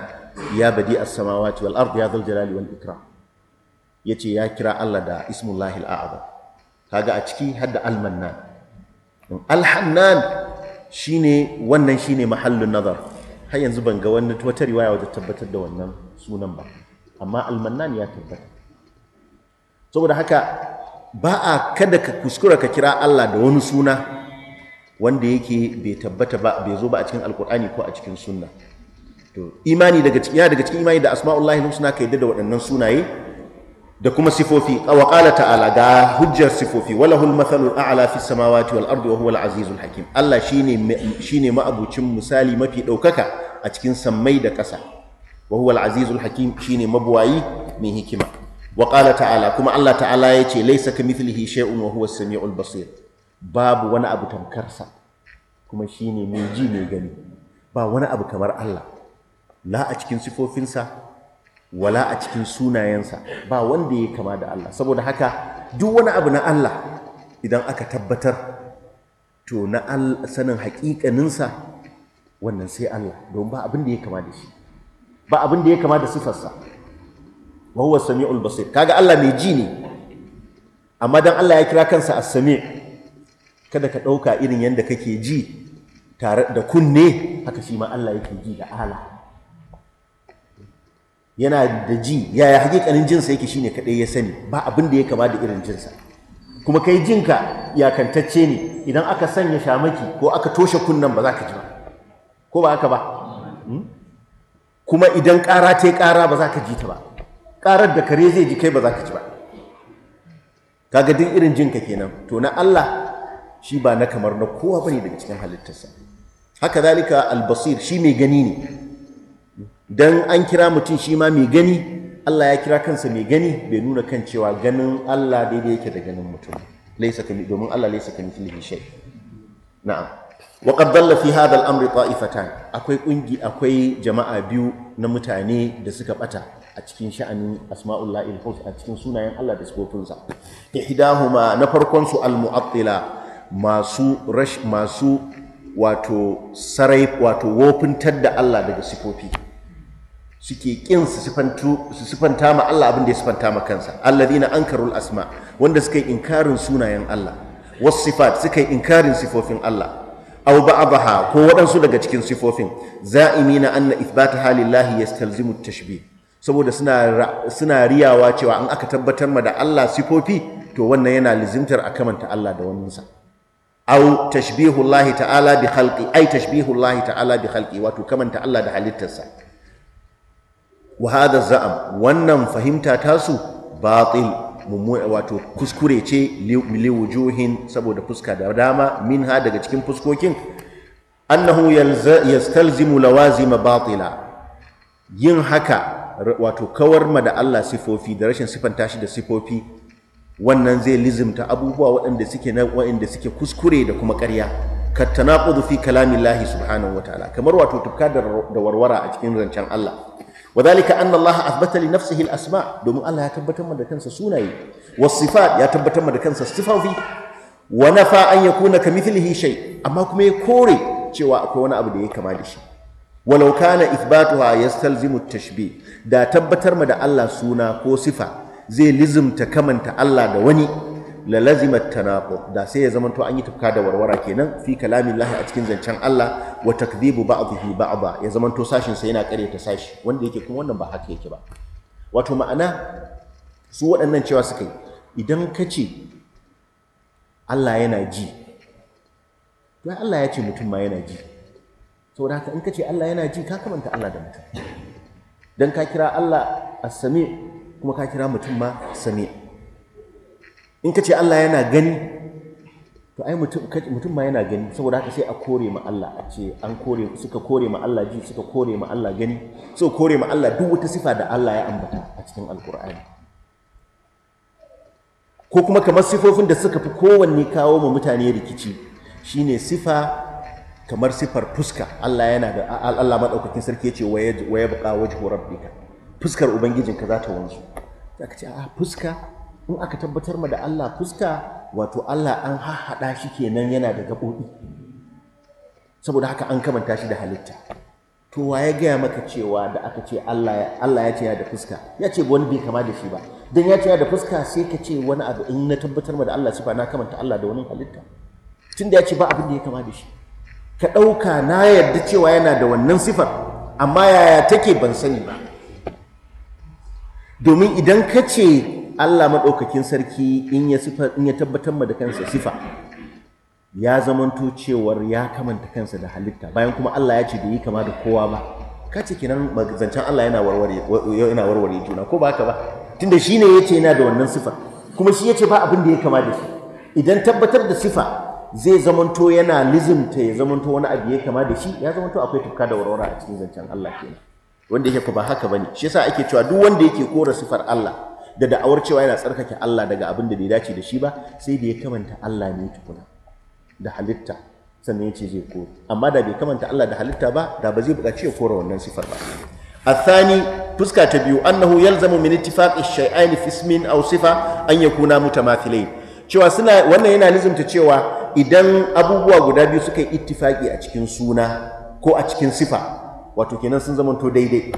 ya badi as-samawati wal ard ya dhal jalali wal ikram yace ya kira Allah da ismullahi al-a'zam kaga a ciki hadda al-mannan al-hannan shine wannan shine mahallun nazar har yanzu ban ga wani wata riwaya wadda tabbatar da wannan sunan ba amma al-mannan ya tabbata saboda haka ba a kada ka kuskura ka kira Allah da wani suna wanda yake bai tabbata ba bai zo ba a cikin alkur'ani ko a cikin sunna to imani daga cikin daga cikin imani da asma'ullahi husna ka yadda da waɗannan sunaye da kuma sifofi wa qala ta'ala ga hujjar sifofi wala lahul mathalul a'la fis samawati wal ardi wa huwal azizul hakim Allah shine shine ma'abucin misali mafi daukaka a cikin sammai da ƙasa wa huwal azizul hakim shine mabuwayi mai hikima wa qala ta'ala kuma Allah ta'ala yace laysa kamithlihi shay'un wa huwas samiul basir babu wani abu tamkarsa kuma shi ne mai ji mai gani ba wani abu kamar Allah la a cikin sifofinsa wala a cikin sunayensa ba wanda ya kama da Allah saboda haka duk wani abu na Allah idan aka tabbatar to na sanin haƙiƙaninsa wannan sai Allah don ba abin da ya kama da shi ba abin da ya kama da sifarsa wa huwa sami'ul basir kaga Allah mai ji ne amma dan Allah ya kira kansa as-sami' kada ka ɗauka irin yadda kake ji tare da kunne haka shi ma Allah yake ji da ala yana da ji yaya hakikanin jinsa yake shine kadai ya sani ba abin da ya kama da irin jinsa kuma kai jinka yakantacce ne idan aka sanya shamaki ko aka toshe kunnen ba za ka ji ba ko ba haka ba hmm? kuma idan ƙara ta yi ƙara ba za ka ji ta ba ƙarar da kare zai ji kai ba za ka ji ba kaga duk irin jinka kenan to na Allah shi ba na kamar na kowa ba ne daga cikin halittarsa haka zalika albasir shi mai gani ne dan an kira mutum shi ma mai gani Allah ya kira kansa mai gani bai nuna kan cewa ganin Allah daidai yake da ganin mutum laysa kami domin Allah laysa kami fihi shay na'am wa qad dalla fi hadha al-amri ta'ifatan akwai kungi akwai jama'a biyu na mutane da suka bata a cikin sha'anin asma'ullahi al a cikin sunayen Allah da sifofinsa ihdahuma na farkon su al-mu'attila masu rash masu wato sarai wato wofintar da Allah daga sifofi suke kin su sifantu su sifanta ma Allah abin da ya sifanta ma kansa alladhina ankarul asma wanda suka yi inkarin sunayen Allah was sifat suka yi inkarin sifofin Allah aw ba'daha ko waɗansu daga cikin sifofin za'imina anna ithbata halillahi yastalzimu tashbih saboda suna suna riyawa cewa an aka tabbatar ma da Allah sifofi to wannan yana lizimtar a kamanta Allah da waninsa au tashbihu Allah ta'ala bi khalqi ai tashbihu Allah ta'ala bi khalqi wato kamanta Allah da halittarsa wa hadha za'am wannan fahimta tasu batil wato kuskure ce liwujuhin saboda fuska da dama minha daga cikin fuskokin annahu yastalzimu lawazima batila yin haka wato kawar ma da Allah sifofi da rashin sifanta shi da sifofi wannan zai lizimta abubuwa waɗanda suke na waɗanda suke kuskure da kuma ƙarya ka tanaqudu fi kalamillahi subhanahu wataala kamar wato tufka da warwara a cikin rancen Allah asma. Domin Allah ya tabbatar الله da kansa sunaye. Wasu الله يتبت ya tabbatar سوناي والصفات يتبت من كنس الصفوي ونفى أن يكون كمثله Amma kuma ya kore cewa akwai wani abu da ya kama da shi walau kana ithbatuha yastalzimu tashbih da tabbatar ma da Allah suna ko sifa zai lizimta kamanta Allah da wani la lazimat tanaqu da sai ya zamanto an yi tafka da warwara kenan fi kalamin lahi a cikin zancen Allah wa takdhibu ba'dhihi ba'dha ya zamanto sashin sa yana ta sashi wanda yake kuma wannan ba haka yake ba wato ma'ana su waɗannan cewa suka yi idan ka ce Allah yana ji to Allah ya ce mutum ma yana ji saboda haka in ka ce Allah yana ji ka kamanta Allah da mutum dan ka kira Allah as-sami' kuma ka kira mutum ma sami in ka ce Allah yana gani to ai mutum ma yana gani saboda haka sai a kore ma Allah a ce an kore suka kore ma Allah ji suka kore ma Allah gani so kore ma Allah duk wata sifa da Allah ya ambata a cikin alkur'ani ko kuma kamar sifofin da suka fi kowanne kawo ma mutane rikici shine sifa kamar sifar fuska Allah yana da Allah madaukakin sarki yace waya waya baqa wajhu rabbika fuskar ubangijinka za ta wanzu za ka ce a fuska in aka tabbatar ma da Allah fuska wato Allah an haɗa shi kenan yana da gaɓoɓi saboda haka an kamanta shi da halitta to wa ya gaya maka cewa da aka ce Allah ya ce ya da fuska ya ce wani bai kama da shi ba don ya ce ya da fuska sai ka ce wani abu in na tabbatar ma da Allah sifa na kamanta Allah da wani halitta tun da ya ce ba abin da ya kama da shi ka ɗauka na yarda cewa yana da wannan sifar amma yaya take ban sani ba domin idan ka ce Allah maɗaukakin sarki in ya tabbatar ma da kansa sifa ya zamanto cewar ya kamanta kansa da halitta bayan kuma Allah ya ce bai yi kama da kowa ba ka ce kenan zancen Allah yana warware juna ko ba haka ba tunda shi ne ya ce yana da wannan sifa kuma shi ya ce ba abin da ya kama da shi idan tabbatar da sifa zai zamanto yana lizimta ya zamanto wani abu ya kama da shi ya zamanto akwai tufka da warwara a cikin zancen Allah kenan wanda yake ba haka bane shi yasa ake cewa duk wanda yake kora sifar Allah da da'awar cewa yana tsarkake Allah daga abin da bai dace da shi ba sai da ya kamanta Allah ne tukuna da halitta sannan ya ce zai kore amma da bai kamanta Allah da halitta ba da ba zai buƙaci ya kora wannan sifar ba الثاني تسكى تبيو أنه يلزم من اتفاق الشيئين في اسم أو صفة أن يكونا متماثلين cewa suna wannan yana nizumta cewa idan abubuwa guda biyu suka yi ittifaki a cikin suna ko a cikin sifa wato kenan sun zamanto daidai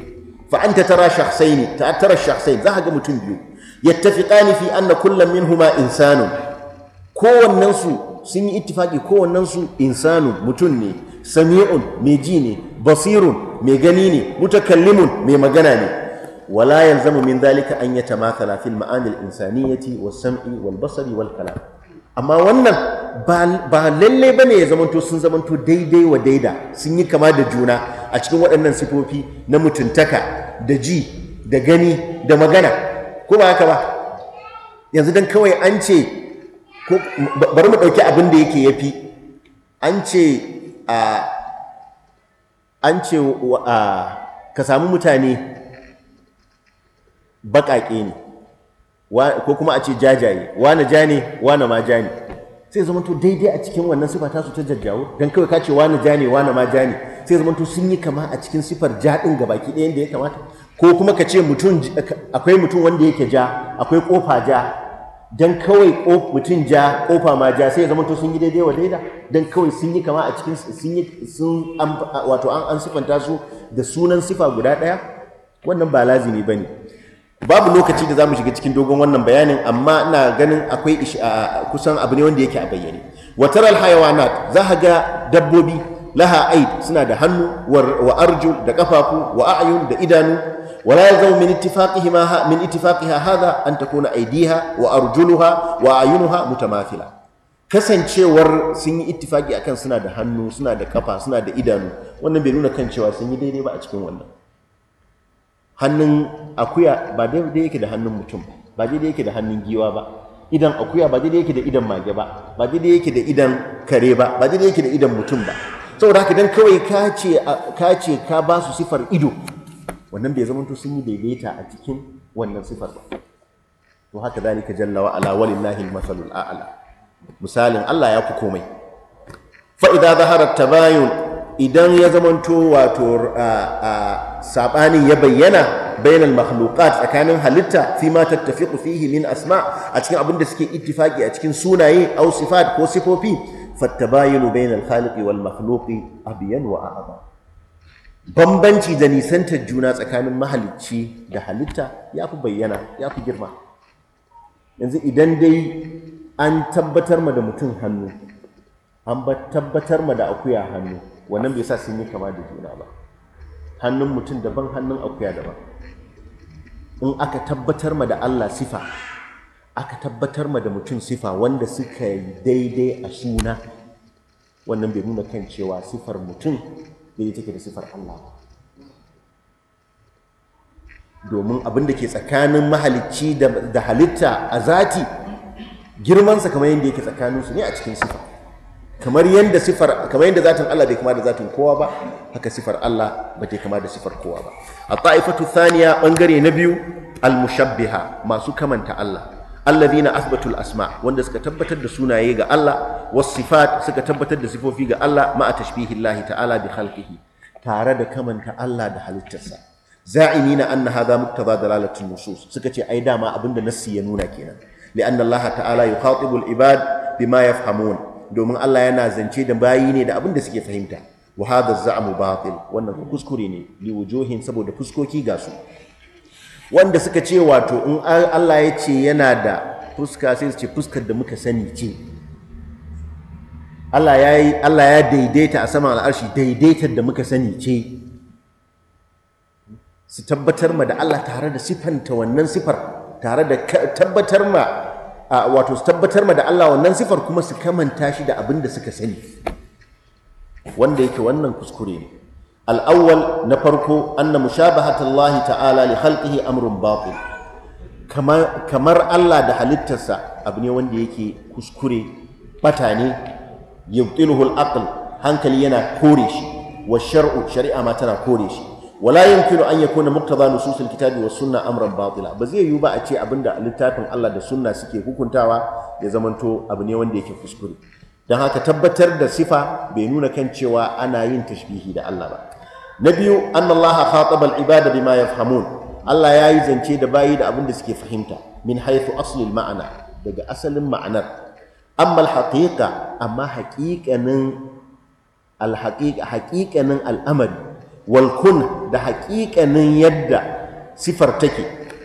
fa anta tara shakhsayn ta tara shakhsayn za ka ga mutum biyu yattafiqani fi anna kullam minhuma insanun kowannen su sun yi ittifaki kowannen su insanun mutum ne sami'un mai ji ne basirun mai gani ne mutakallimun mai magana ne wala yanzamu min dhalika an yatamathala fil ma'anil insaniyati was sam'i wal basari wal kalam amma wannan ba lalle bane ya zamanto sun zamanto daidai wa daida sun yi kama da juna a cikin waɗannan sifofi na mutuntaka da ji da gani da magana ko ba haka ba yanzu dan kawai an ce bari mu ɗauki abin da yake yafi an ce a an ce ka samu mutane baƙaƙe ne ko kuma a ce jajaye wane ja ne wane ma ja ne sai zama to daidai a cikin wannan sifa ta su ta jajjawo don kawai ka ce wane ja ne wane ma ja ne sai to sun yi kama a cikin sifar ja ɗin ga baki ɗayan da ya kamata ko kuma ka ce mutum akwai mutum wanda yake ja akwai ƙofa ja dan kawai mutum ja ƙofa ma ja sai to sun yi daidai wa daida dan kawai sun yi kama a cikin sun yi wato an an su da sunan sifa guda ɗaya wannan ba lazimi ne. babu lokaci da zamu shiga cikin dogon wannan bayanin amma ina ganin akwai kusan abu ne wanda yake a bayyane wa taral hayawanat za ga dabbobi laha aid suna da hannu wa arju da kafafu wa a'yun da idanu wala yazaw min ittifaqiha min ittifaqiha hadha an takuna aydiha wa arjuluha wa a'yunuha mutamathila kasancewar sun yi ittifaki akan suna da hannu suna da kafa suna da idanu wannan bai nuna kan cewa sun yi daidai ba a cikin wannan hannun akuya ba daidai yake da hannun mutum ba daidai yake da hannun giwa ba idan akuya ba daidai yake da idan mage ba ba daidai yake da idan kare ba ba daidai yake da idan mutum ba saboda haka dan kawai ka ce ka ce ka ba su sifar ido wannan bai zamanto sun yi daidaita a cikin wannan sifar ba to haka zalika jalla wa ala walillahi almasalul a'la misalin Allah ya fi komai fa idza zahara tabayun idan ya zamanto wato saɓani ya bayyana bayan mahaluka tsakanin halitta fi ma tattafiqu fihi min asma a cikin abin da suke ittifaki a cikin sunaye aw sifat ko sifofi fattabayinu bainal khaliqi wal makhluqi abiyan wa ba. bambanci da nisantar juna tsakanin mahalicci da halitta ya fi bayyana ya fi girma yanzu idan dai an tabbatar ma da mutum hannu an tabbatar ma da akuya hannu wannan bai sa sun yi kama da juna ba hannun mutum daban hannun akuya daban in aka tabbatar ma da Allah sifa aka tabbatar ma da mutum sifa wanda suka yi daidai a suna wannan bai nuna kan cewa sifar mutum daidai take da sifar Allah domin abin da ke tsakanin mahalicci da halitta a zati girmansa kamar yadda yake tsakaninsu ne a cikin sifa kamar yadda sifar kamar yadda zatin Allah bai kama da zatin kowa ba haka sifar Allah ba ta kama da sifar kowa ba a ta'ifatu thaniya bangare na biyu al-mushabbiha masu kamanta Allah allazina asbatul asma wanda suka tabbatar da sunaye ga Allah wasifat suka tabbatar da sifofi ga Allah ma'a tashbihillahi ta'ala bi khalqihi tare da kamanta Allah da halittarsa za'imina anna hadha da dalalatul nusus suka ce ai dama abinda nassi ya nuna kenan li'anna Allah ta'ala yukhatibu al-ibad bima yafhamun domin Allah yana zance da bayi ne da abinda suke fahimta wa hadha az-za'mu batil wannan kuskure ne wujuhin saboda fuskoki ga su wanda suka ce wato in Allah ya ce yana da fuska sai su ce fuskar da muka sani ce Allah ya yi Allah ya daidaita a saman al'arshi daidaitar da muka sani ce su tabbatar ma da Allah tare da sifanta wannan sifar tare da tabbatar ma wato su tabbatar ma da Allah wannan sifar kuma su kamanta shi da abin da suka sani wanda yake wannan kuskure ne al'awwal na farko anna mushabahatullahi ta'ala li khalqihi amrun batil kamar kamar Allah da halittarsa abu ne wanda yake kuskure bata ne yubtiluhu hankali yana kore shi wa shar'u shari'a ma tana kore shi wala yumkinu an yakuna muqtada nususul kitabi was sunna amran batila ba zai yiwu ba a ce abinda littafin Allah da sunna suke hukuntawa ya zamanto abu ne wanda yake kuskure don haka tabbatar da sifa bai nuna kan cewa ana yin tashbihi da Allah ba na biyu annallaha khataba al-ibada bima yafhamun Allah ya yi zance da bayi da abin da suke fahimta min haifi asli maana daga asalin ma'anar amma al amma haƙiƙanin al-haqiqa wal kun da haƙiƙanin yadda sifar take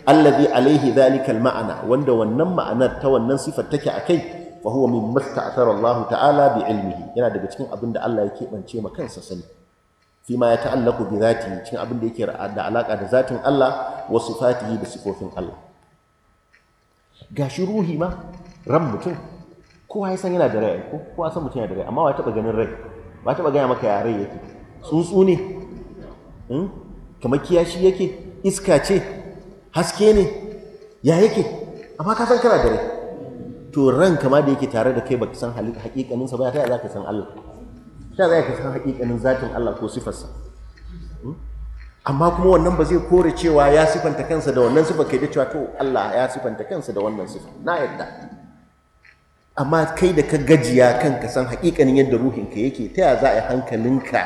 alladhi alayhi dhalika maana wanda wannan ma'anar ta wannan sifar take akai fa huwa mimma ta'athara Allah ta'ala bi ilmihi yana daga cikin abin da Allah ya keɓance ma kansa sani fi ma ya ta'allaku bi zati cin abin da yake da alaka da zatin Allah wa sifatihi da sifofin Allah gashi ruhi ma ran mutum kowa ya san yana da rai ko kowa san mutum yana da rai amma wa taba ganin rai ba taba gaya maka ya rai yake tsuntsu ne hmm, kamar kiyashi yake iska ce haske ne ya yake amma ka san kana da rai to ran kama da yake tare da kai baka san hakikaninsa ba ya ta za ka san Allah ta za ka san haƙiƙanin zatin Allah ko sifarsa hmm? amma kuma wannan ba zai kore cewa ya sifanta kansa da wannan sifar kai da cewa to Allah ya sifanta kansa da wannan sifar na yadda amma kai da ka gajiya kanka san haƙiƙanin yadda ruhinka yake ta ya za a yi hankalinka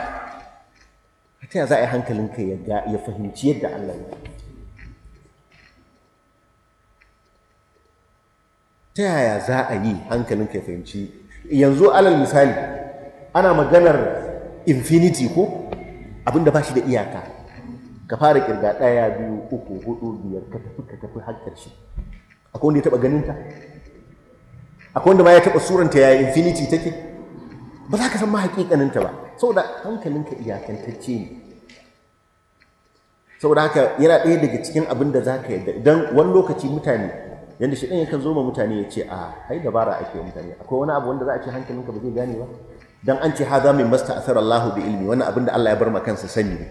ta ya za a yi hankalinka ya fahimci yadda Allah yake ta yaya za a yi hankalinka ya fahimci yanzu alal misali ana maganar infinity ko abin da ba shi da iyaka ka fara kirga ɗaya biyu uku hudu biyar ka tafi ka tafi har ƙarshe akwai wanda ya taɓa ganin ta akwai wanda ma ya taɓa suranta ya infinity take ba za ka san mahaƙiƙaninta ba saboda hankalinka iyakantacce ne saboda haka yana ɗaya daga cikin abin da za ka yadda idan wani lokaci mutane yadda shi ɗan yakan zo ma mutane ya ce a ah, hai dabara ake mutane akwai wani abu wanda za a ce hankalinka ba zai gane ba dan an ce haza min masta athara Allahu bi ilmi wannan abin da Allah ya bar kansa sani ne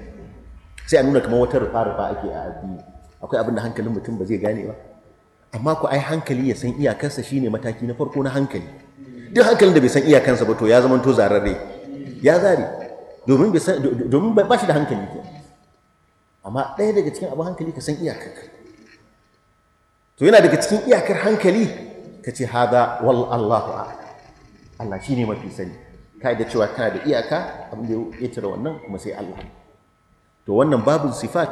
sai a nuna kamar wata rufa rufa ake a addini akwai abin da hankalin mutum ba zai gane ba amma ku ai hankali ya san iyakarsa shine mataki na farko na hankali duk hankalin da bai san iyakarsa ba to ya zama to zararre ya zare domin ba shi da hankali ke amma ɗaya daga cikin abin hankali ka san iyakarka to yana daga cikin iyakar hankali ka ce haza wal Allahu a'lam Allah shine mafi sani kai da cewa tana da iyaka abin da ya ƙetare wannan kuma sai Allah to wannan babin sifat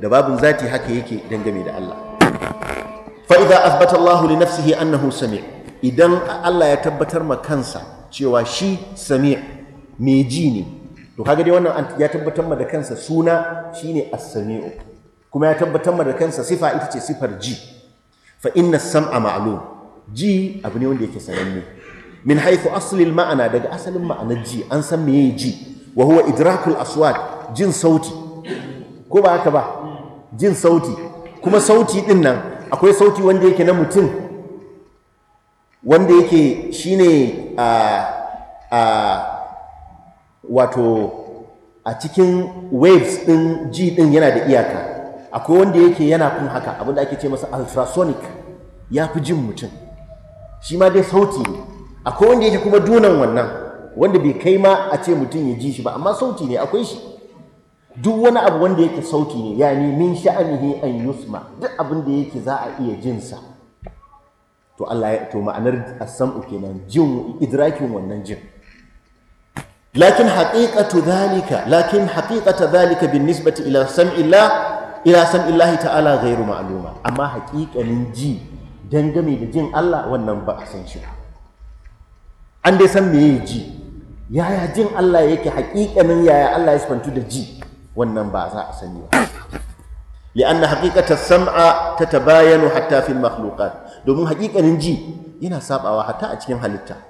da babin zati haka yake dangane da Allah Fa'iza idza athbata Allah li nafsihi annahu sami' idan Allah ya tabbatar ma kansa cewa shi sami' mai ji ne to kaga dai wannan ya tabbatar ma da kansa suna shine as-sami'u kuma ya tabbatar ma da kansa sifa ita ce sifar ji fa inna as-sam'a ma'lum ji abu ne wanda yake sananne min haifi asalin ma'ana daga asalin ma'anar ji an san meye ji wa huwa idrakul aswat jin sauti ko ba haka ba jin sauti kuma sauti din nan akwai sauti wanda yake na mutum wanda yake shine a a wato a cikin waves din ji din yana da iyaka akwai wanda yake yana kun haka abinda ake ce masa ultrasonic ya fi jin mutum shi ma dai sauti ne akwai wanda yake kuma dunan wannan wanda bai kai ma a ce mutum ya ji shi ba amma sauti ne akwai shi duk wani abu wanda yake sauti ne ya yani min sha'anihi an yusma duk abin da yake za a iya jinsa to Allah ya to ma'anar as-sam'u kenan jin idrakin wannan jin lakin haqiqatu dhalika lakin haqiqatu dhalika bin nisbati ila sam'i ila sam'i Allah ta'ala ghairu amma haqiqanin ji dangane da jin Allah wannan ba a san shi ba an dai san meye ji yaya jin Allah yake haƙiƙanin yaya Allah ya sifantu da ji wannan ba za a sani ba li'anna haqiqata sam'a tatabayanu hatta fil makhluqat domin haƙiƙanin ji yana sabawa hatta a cikin halitta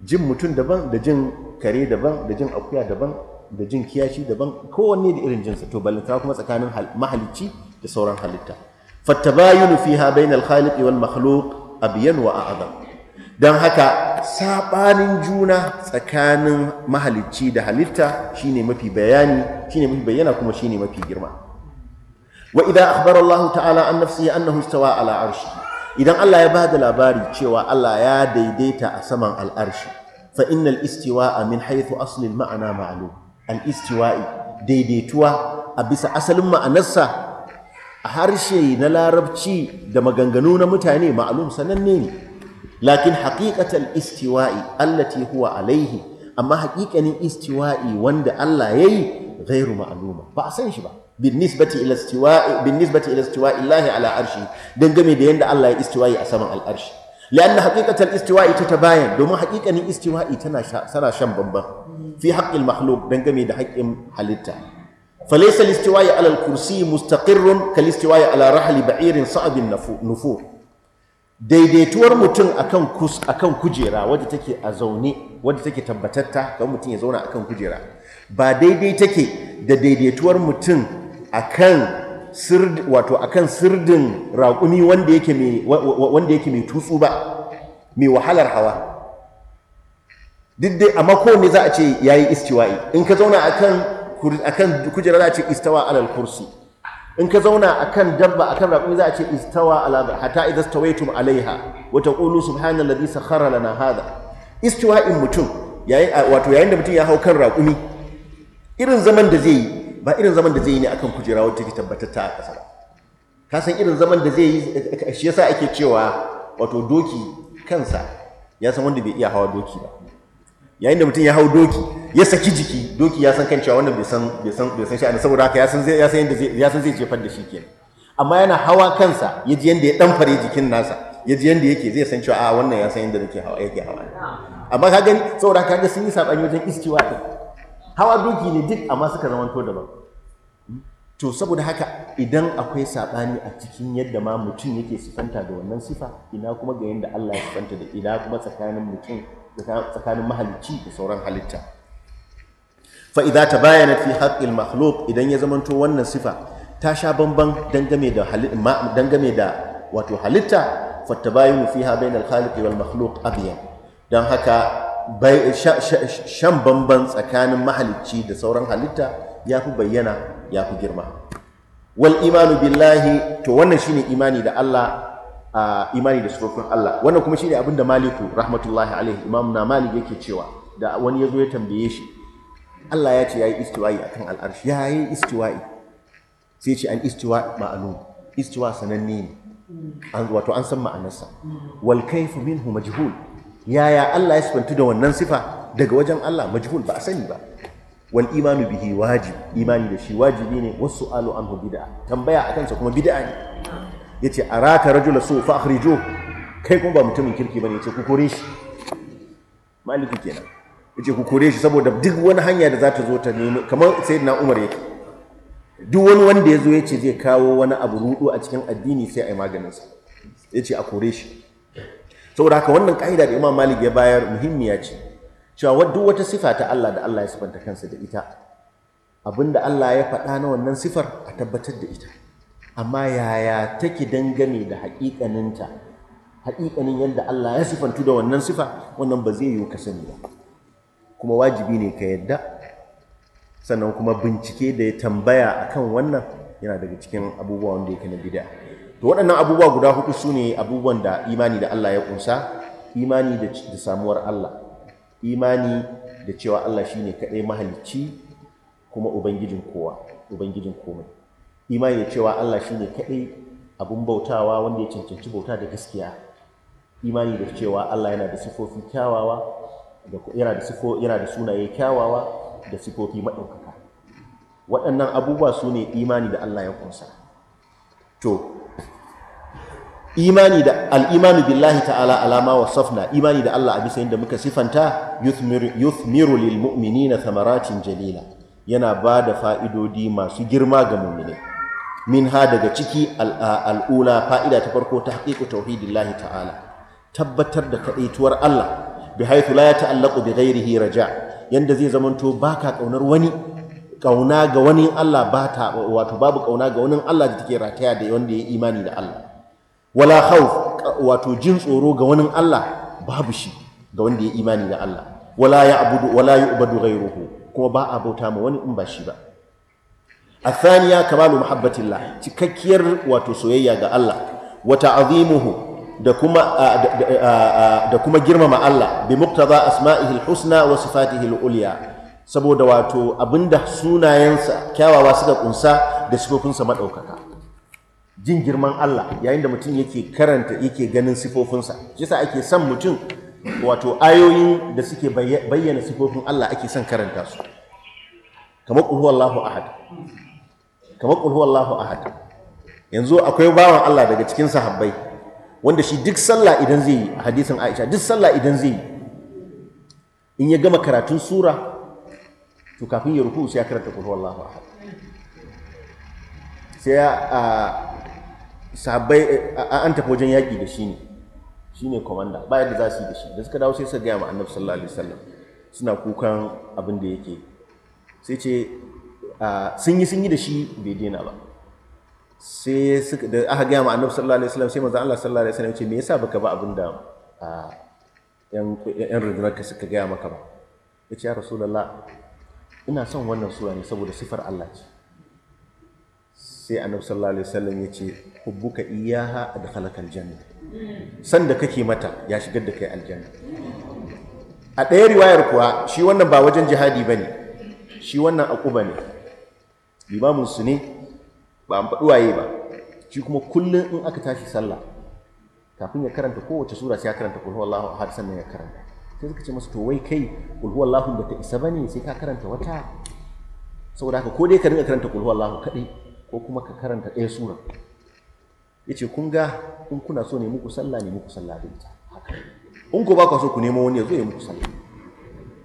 jin mutum daban da jin kare daban da jin akuya daban da jin kiyashi daban kowanne da irin jinsa to ballanta kuma tsakanin mahalicci da sauran halitta fattabayunu fiha bainal khaliqi wal makhluq abyan wa a'zam don haka saɓanin juna tsakanin mahalicci da halitta shine mafi bayani shine mafi bayyana kuma shine mafi girma wa idan akhbara Allah ta'ala an nafsihi annahu istawa ala arshi idan Allah ya bada labari cewa Allah ya daidaita a saman al'arshi fa innal istiwa'a min haythu aslin ma'ana ma'lum al istiwa'i daidaituwa a bisa asalin ma'anarsa a harshe na larabci da maganganu na mutane ma'lum sananne ne lakin haƙiƙatar istiwa'i allati huwa alaihi amma haƙiƙanin istiwa'i wanda Allah ya yi ba a san shi ba bin nisbati ila istiwa'i Allahi ala arshi dangane da yadda Allah ya istiwa'i a al'arshi lian na haƙiƙatar istiwa'i ta bayan domin haƙiƙanin istiwa'i tana shan babban fi haƙƙin mahluk dangane da haƙƙin halitta falaisa listiwa'i ala kursi mustaqirrun kalistiwa'i ala rahali ba'irin sa'abin nufo. daidaituwar mutum akan kus kujera wadda take a zaune wadda take tabbatatta ga mutum ya zauna akan kujera ba daidai take da daidaituwar mutum akan kan wato akan sirdin raƙumi wanda yake mai wanda tutsu ba mai wahalar hawa duk dai amma ko ne za a ce yayi istiwa'i in ka zauna akan akan kujera za a ce istawa alal kursi in ka zauna a kan dabba akan raƙumi za a ce istawa ala hatta idza stawaytum alaiha wa taqulu subhanalladhi sakhkhara lana hadha istiwa'in mutum wato yayin da mutum ya hau kan raƙumi irin zaman da zai yi ba irin zaman da zai yi ne akan kujera wata ke tabbatatta a ƙasa ka san irin zaman da zai yi shi yasa ake cewa wato doki kansa ya san wanda bai iya hawa doki ba yayin da mutum ya hau doki ya saki jiki doki ya san kan cewa wannan bai san bai san bai san sha'ani saboda haka ya san zai ya san zai ya san zai jefar da shi kenan amma yana hawa kansa ya ji yadda ya dan fare jikin nasa ya ji yadda yake zai san cewa a ah, wannan ya san yadda nake hawa yake hawa amma ka gani saboda haka ga sun yi sabani wajen istiwa din hawa doki ne duk amma suka zamanto daban to saboda haka idan akwai saɓani a cikin yadda ma mutum yake sifanta da wannan sifa ina kuma ga yadda Allah ya sifanta da ina kuma tsakanin mutum tsakanin mahalicci da sauran halitta fa idza tabayana fi haqqil makhluq idan ya zamanto wannan sifa ta sha bamban dangame da dangame da wato halitta fa fi fiha bainal khaliq wal makhluq abyan dan haka bai shan bamban tsakanin mahalicci da sauran halitta ya fi bayyana ya fi girma wal imanu billahi to wannan shine imani da Allah a imani da sufofin Allah wannan kuma shine abinda maliku rahmatullahi alaihi imamu na malik yake cewa da wani yazo ya tambaye shi Allah ya ce ya yi istiwa'i kan al'arshi ya yi istiwa'i sai ce an istiwa ma’anu istiwa sananne ne wato an san ma'anarsa wal kaifu minhu majhul yaya Allah ya sifantu da wannan sifa daga wajen Allah majhul ba a sani ba wal imanu bihi wajib imani da shi wajibi ne wasu alu anhu bid'a tambaya akan sa kuma bid'a ne yace araka rajula su fa akhrijuh kai kuma ba mutumin kirki bane yace ku kore shi maliki kenan yace ku kore shi saboda duk wani hanya da za ta zo ta nemi kamar sayyidina Umar yake duk wani wanda ya zo ya ce zai kawo wani abu rudu a cikin addini sai a yi maganinsa ya ce a kore shi saboda haka wannan ƙa'ida da imam malik ya bayar muhimmiya ce cewa duk wata sifa ta allah da allah ya sifanta kansa da ita abinda allah ya faɗa na wannan sifar a tabbatar da ita amma yaya take dangane da haƙiƙaninta haƙiƙanin yadda allah ya sifantu da wannan sifa wannan ba zai yiwu ka sani ba kuma wajibi ne ka yadda sannan kuma bincike da ya tambaya a kan wannan yana daga cikin abubuwa wanda yake na bid'a to waɗannan abubuwa guda hudu su ne abubuwan da imani da Allah ya kunsa imani da samuwar Allah imani da cewa Allah shi ne kaɗai mahalicci kuma ubangijin kowa ubangijin komai imani da cewa Allah shi ne kaɗai abun bautawa wanda ya cancanci bauta da gaskiya imani da cewa Allah yana da sifofi kyawawa yana da sifo sunaye kyawawa da sifofi maɗaukaka waɗannan abubuwa su ne imani da Allah ya kunsa to imani da al'imanu billahi ta'ala alama wa safna imani da Allah a bisa yadda muka sifanta yuthmiru lil mu'minina thamaratin jalila yana ba da fa'idodi masu girma ga mu'minai min ha daga ciki al'ula fa'ida ta farko ta haƙiƙu tauhidillahi ta'ala tabbatar da kaɗaituwar Allah bi haythu la yata'allaqu bi ghairihi raja yanda zai zamanto baka kaunar wani kauna ga wani Allah ba ta wato babu kauna ga wani Allah da take rataya da wanda ya imani da Allah wala khawf wato jin tsoro ga wani Allah babu shi ga wanda ya imani da Allah wala ya'budu wala yu'badu ghayruhu kuma ba a bauta ma wani in ba shi ba athaniya kamalu muhabbatillah cikakkiyar wato soyayya ga Allah wata ta'zimuhu da kuma da kuma girmama Allah bi muqtada asma'ihi husna wa sifatihi al saboda wato abinda sunayensa kyawawa suka kunsa da sifofinsa madaukaka jin girman Allah yayin da mutum yake karanta yake ganin sifofinsa shi yasa ake son mutum wato ayoyin da suke bayyana sifofin Allah ake son karanta su kamar qul huwallahu ahad kamar qul huwallahu ahad yanzu akwai bawan Allah daga cikin sahabbai wanda shi duk sallah idan zai yi a hadisin Aisha duk sallah idan zai yi in ya gama karatun sura to kafin ya ruku sai ya karanta qul huwallahu ahad sai ya sahabbai an tafi wajen yaƙi da shi ne shi ne komanda ba yadda za su yi da shi da suka dawo sai suka gaya ma annabi sallallahu alaihi wasallam suna kukan abin da yake sai ce sun yi sun yi da shi bai daina ba sai da aka gaya ma annabi sallallahu alaihi wasallam sai manzon Allah sallallahu alaihi wasallam ya ce me yasa baka ba abin da yan yan rundunarka suka gaya maka ba yace ya rasulullah ina son wannan sura ne saboda sifar Allah ce sai annabi sallallahu alaihi wasallam ya ce hubbuka iyaha adkhalaka aljanna san da kake mata ya shigar da kai aljanna a ɗaya riwayar kuwa shi wannan ba wajen jihadi bane shi wannan aquba ne limamun su ne ba an faɗi waye ba shi kuma kullum in aka tashi sallah kafin ya karanta kowace sura sai ya karanta kul a har sannan ya karanta sai suka ce masa to wai kai Allah ba bata isa bane sai ka karanta wata saboda haka ko dai ka dinga karanta kulhu Allah kadai ko kuma ka karanta ɗaya sura yace kun ga in kuna so ne muku sallah ne muku sallah da ita in ko ba ku so ku nemo wani ya zo ya muku sallah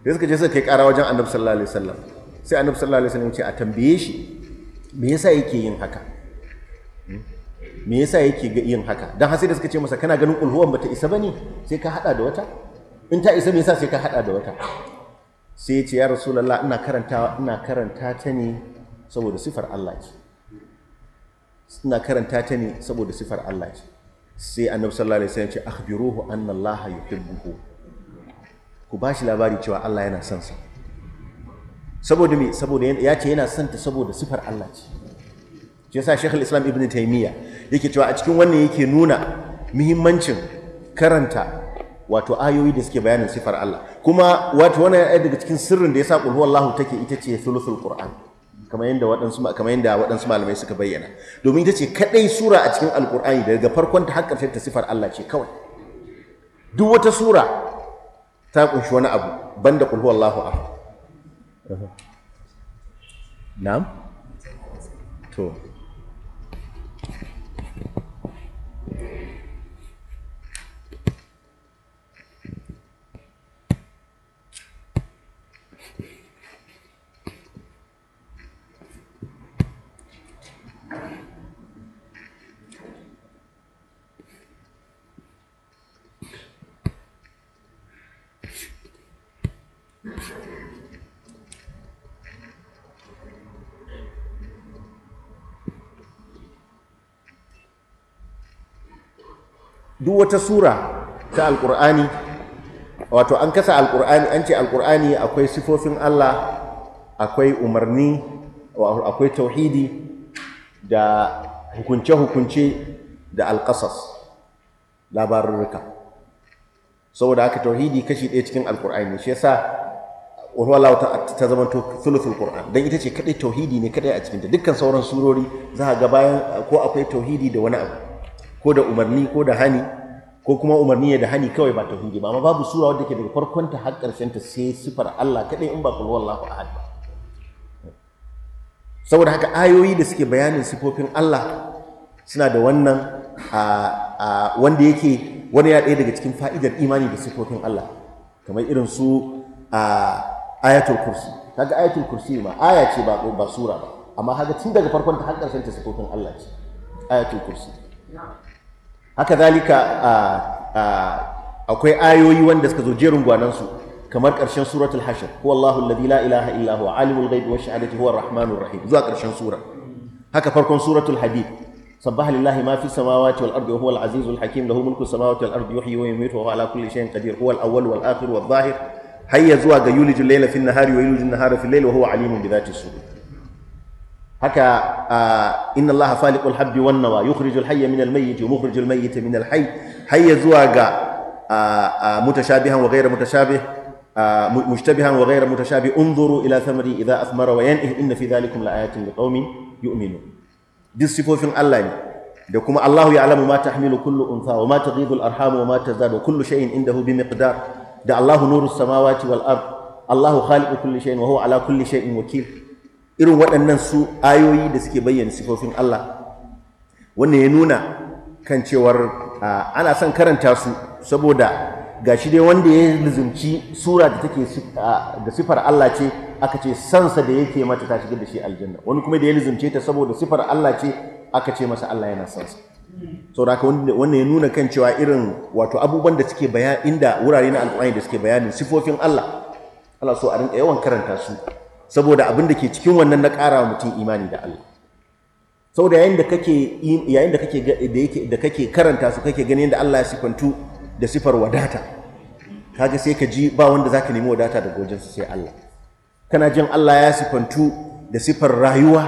sai suka je suka kai ƙara wajen annabi sallallahu alaihi wasallam sai annabi sallallahu alaihi wasallam ya ce a tambaye shi me yasa yake yin haka me yasa yake yin haka dan har sai da suka ce masa kana ganin ba bata isa bane sai ka hada da wata in ta isa me yasa sai ka hada da wata sai ya ce ya rasulullah ina karanta ina karanta ta ne saboda sifar Allah ce ina karanta ta ne saboda sifar Allah ce sai annabi sallallahu alaihi wasallam ya ce akhbiruhu anna Allah yuhibbuhu ku bashi labari cewa Allah yana son sa saboda me saboda ya ce yana son ta saboda sifar Allah ce shi yasa Sheikh Islam Ibn Taymiyyah yake cewa a cikin wannan yake nuna muhimmancin karanta wato ayoyi da suke bayanin sifar Allah kuma wato wannan ya daga cikin sirrin da yasa qul huwallahu take ita ce thuluthul qur'an kamar yadda waɗansu kamar yadda waɗansu malamai suka bayyana domin ita ce kaɗai sura a cikin alqur'ani daga farkon ta har ƙarshen ta sifar Allah ce kawai duk wata sura ta kunshi wani abu banda qul huwallahu ahad na'am to duk wata sura ta alkur'ani wato an kasa alkur'ani an ce alkur'ani akwai sifofin Allah akwai umarni akwai tauhidi da hukunce-hukunce da alkasas labarurruka saboda haka tauhidi kashi ɗaya cikin alkur'ani shi yasa wala walwala ta zama to thuluthul qur'an dan ita ce kadai tauhidi ne kadai a cikin ta dukkan sauran surori za ga bayan ko akwai tauhidi da wani abu ko da umarni ko da hani ko kuma umarni ya da hani kawai ba ta hunge ba amma babu sura wadda ke daga farkon ta har ƙarshen ta sai sifar Allah kaɗai in ba kul wallahu ahad ba saboda haka ayoyi da suke bayanin sifofin Allah suna da wannan wanda yake wani ya ɗaya daga cikin fa'idar imani da sifofin Allah kamar irin su a ayatul kursi kaga ayatul kursi ma aya ce ba ba sura ba amma haka tun daga farkon ta har ƙarshen ta sifofin Allah ce ayatul kursi haka zalika akwai ayoyi wanda suka zo jerin gwanansu kamar ƙarshen suratul hashir huwa Allahu alladhi la ilaha illa huwa alimul ghaibi wash shahadati huwa arrahmanur rahim zuwa ƙarshen sura haka farkon suratul hadid sabbaha lillahi ma fi samawati wal ardi wa huwa al azizul hakim lahu mulku samawati wal ardi yuhyi wa yumiitu wa huwa ala kulli shay'in qadir huwa al awwal wal akhir wal zahir hayya zuwa ga yulijul layla fin nahari wa yulijul nahara fil layli wa huwa alimun bi dhati sudur haka inna allaha faliqul habbi wan nawa yukhrijul hayya minal mayyit wa mukhrijul mayyita minal hayy hayya zuwa ga mutashabihan wa ghayra mutashabih mushtabihan wa ghayra mutashabih unzuru ila samari idha athmara wa yan'ih inna fi dhalikum laayatin liqaumin yu'minun duk sifofin Allah ne da kuma Allahu ya alamu ma tahmilu kullu untha wa ma taghidu al-arham wa ma tazadu kullu shay'in indahu bi miqdar da Allahu nuru samawati wal ard Allahu khaliqu kulli shay'in wa huwa ala kulli shay'in wakil irin waɗannan su ayoyi da suke bayyana sifofin Allah wannan ya nuna kan cewar ana son karanta su saboda ga shi dai wanda ya lizumci sura da take da sifar Allah ce aka ce sansa da yake mata ta shiga da shi aljanna wani kuma da ya lizumce ta saboda sifar Allah ce aka ce masa Allah yana sansa saboda haka wannan ya nuna kan cewa irin wato abubuwan da suke bayani inda wurare na alƙur'ani da suke bayanin sifofin Allah Allah so a rinka yawan karanta su saboda abin da ke cikin wannan na ƙara wa mutum imani da Allah saboda da kake yayin da kake da karanta su kake ganin da Allah ya sifantu da sifar wadata kaga sai ka ji ba wanda zaka nemi wadata daga wajen su sai Allah kana jin Allah ya sifantu da sifar rayuwa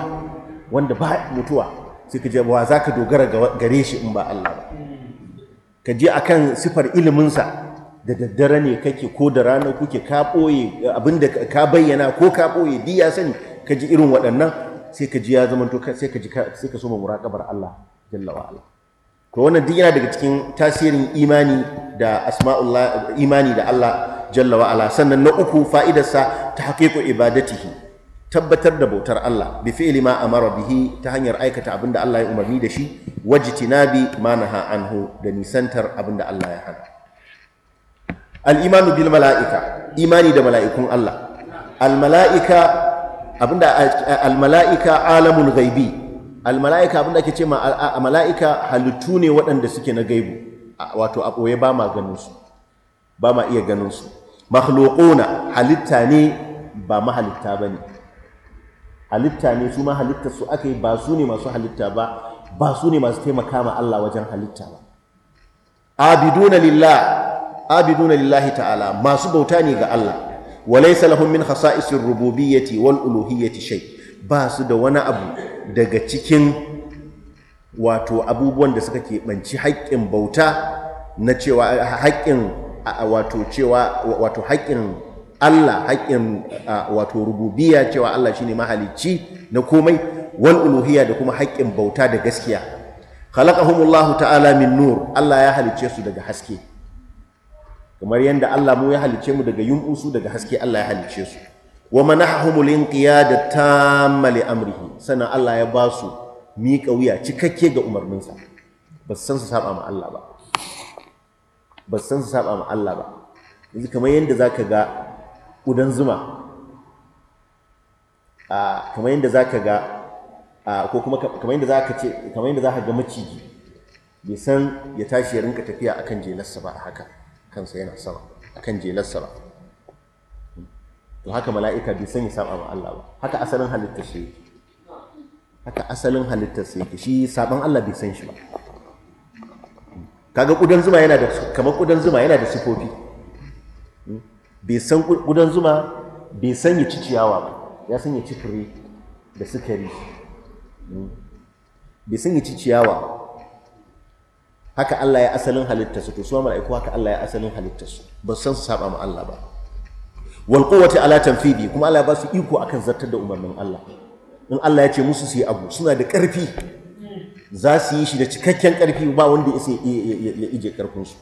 wanda ba mutuwa sai ka ji ba za ka dogara gare shi in ba Allah ba ka ji akan sifar iliminsa da daddare ne kake ko da rana kuke ka ɓoye abinda ka bayyana ko ka ɓoye di ya sani ka ji irin waɗannan sai ka ji ya zama to sai ka ji sai ka soma muraƙabar Allah jalla wa ala to wannan duk yana daga cikin tasirin imani da asma'ullah imani da Allah jalla wa ala sannan na uku fa'idarsa ta haqiqu ibadatihi tabbatar da bautar Allah bi fi'li ma amara bihi ta hanyar aikata abinda Allah ya umarni da shi wajtinabi ma naha anhu da nisantar abinda Allah ya hana al bil mala'ika imani da mala'ikun Allah al-mala'ika abinda al-mala'ika alamul gaibi al-mala'ika abinda ake ce ma mala'ika halittu ne waɗanda suke na gaibu wato a ɓoye ba ma ganin ba ma iya ganin su makhluquna halitta ne ba mahalitta bane halitta ne su ma halitta su aka yi ba su ne masu halitta ba ba su ne masu taimaka ma Allah wajen halitta ba abiduna lillah abiduna lillahi ta'ala masu bauta ne ga Allah walaysa lahum min khasa'isir rububiyyati wal uluhiyyati shay ba su da wani abu daga cikin wato abubuwan da suka keɓanci haƙƙin bauta na cewa haƙƙin wato cewa wato haƙƙin Allah haƙƙin wato rububiyya cewa Allah shine mahalicci na komai wal uluhiyya da kuma haƙƙin bauta da gaskiya khalaqahumullahu ta'ala min nur Allah ya halicce su daga haske kamar yadda Allah mu ya halice mu daga usu daga haske Allah ya halice su wa manahahumul inqiyada tamma li amrihi sannan Allah ya ba su miƙa wuya cikakke ga umarninsa ba su san su saba ma Allah ba ba su san su saba ma Allah ba yanzu kamar yadda zaka ga ƙudan zuma a kamar yadda zaka ga ko kuma kamar yadda zaka ce kamar yadda zaka ga maciji bai san ya tashi ya rinka tafiya akan jelarsa ba haka kansa yana sama akan jelar sama to haka mala'ika bai sanya saba ma Allah ba haka asalin halitta shi haka asalin halitta sai yake shi saban Allah bai san shi ba kaga kudan zuma yana da kamar kudan zuma yana da sifofi bai san kudan zuma bai sanya ciciyawa ba ya san sanya cifiri da sukari bai sanya ciciyawa haka Allah ya asalin halitta su to su mala'iku haka Allah ya asalin halitta su ba san su saba ma Allah ba wal quwwati ala tanfidi kuma Allah ya ba su iko akan zartar da umarnin Allah in Allah ya ce musu su yi abu suna da ƙarfi za su yi shi da cikakken ƙarfi ba wanda ya ije ƙarfin su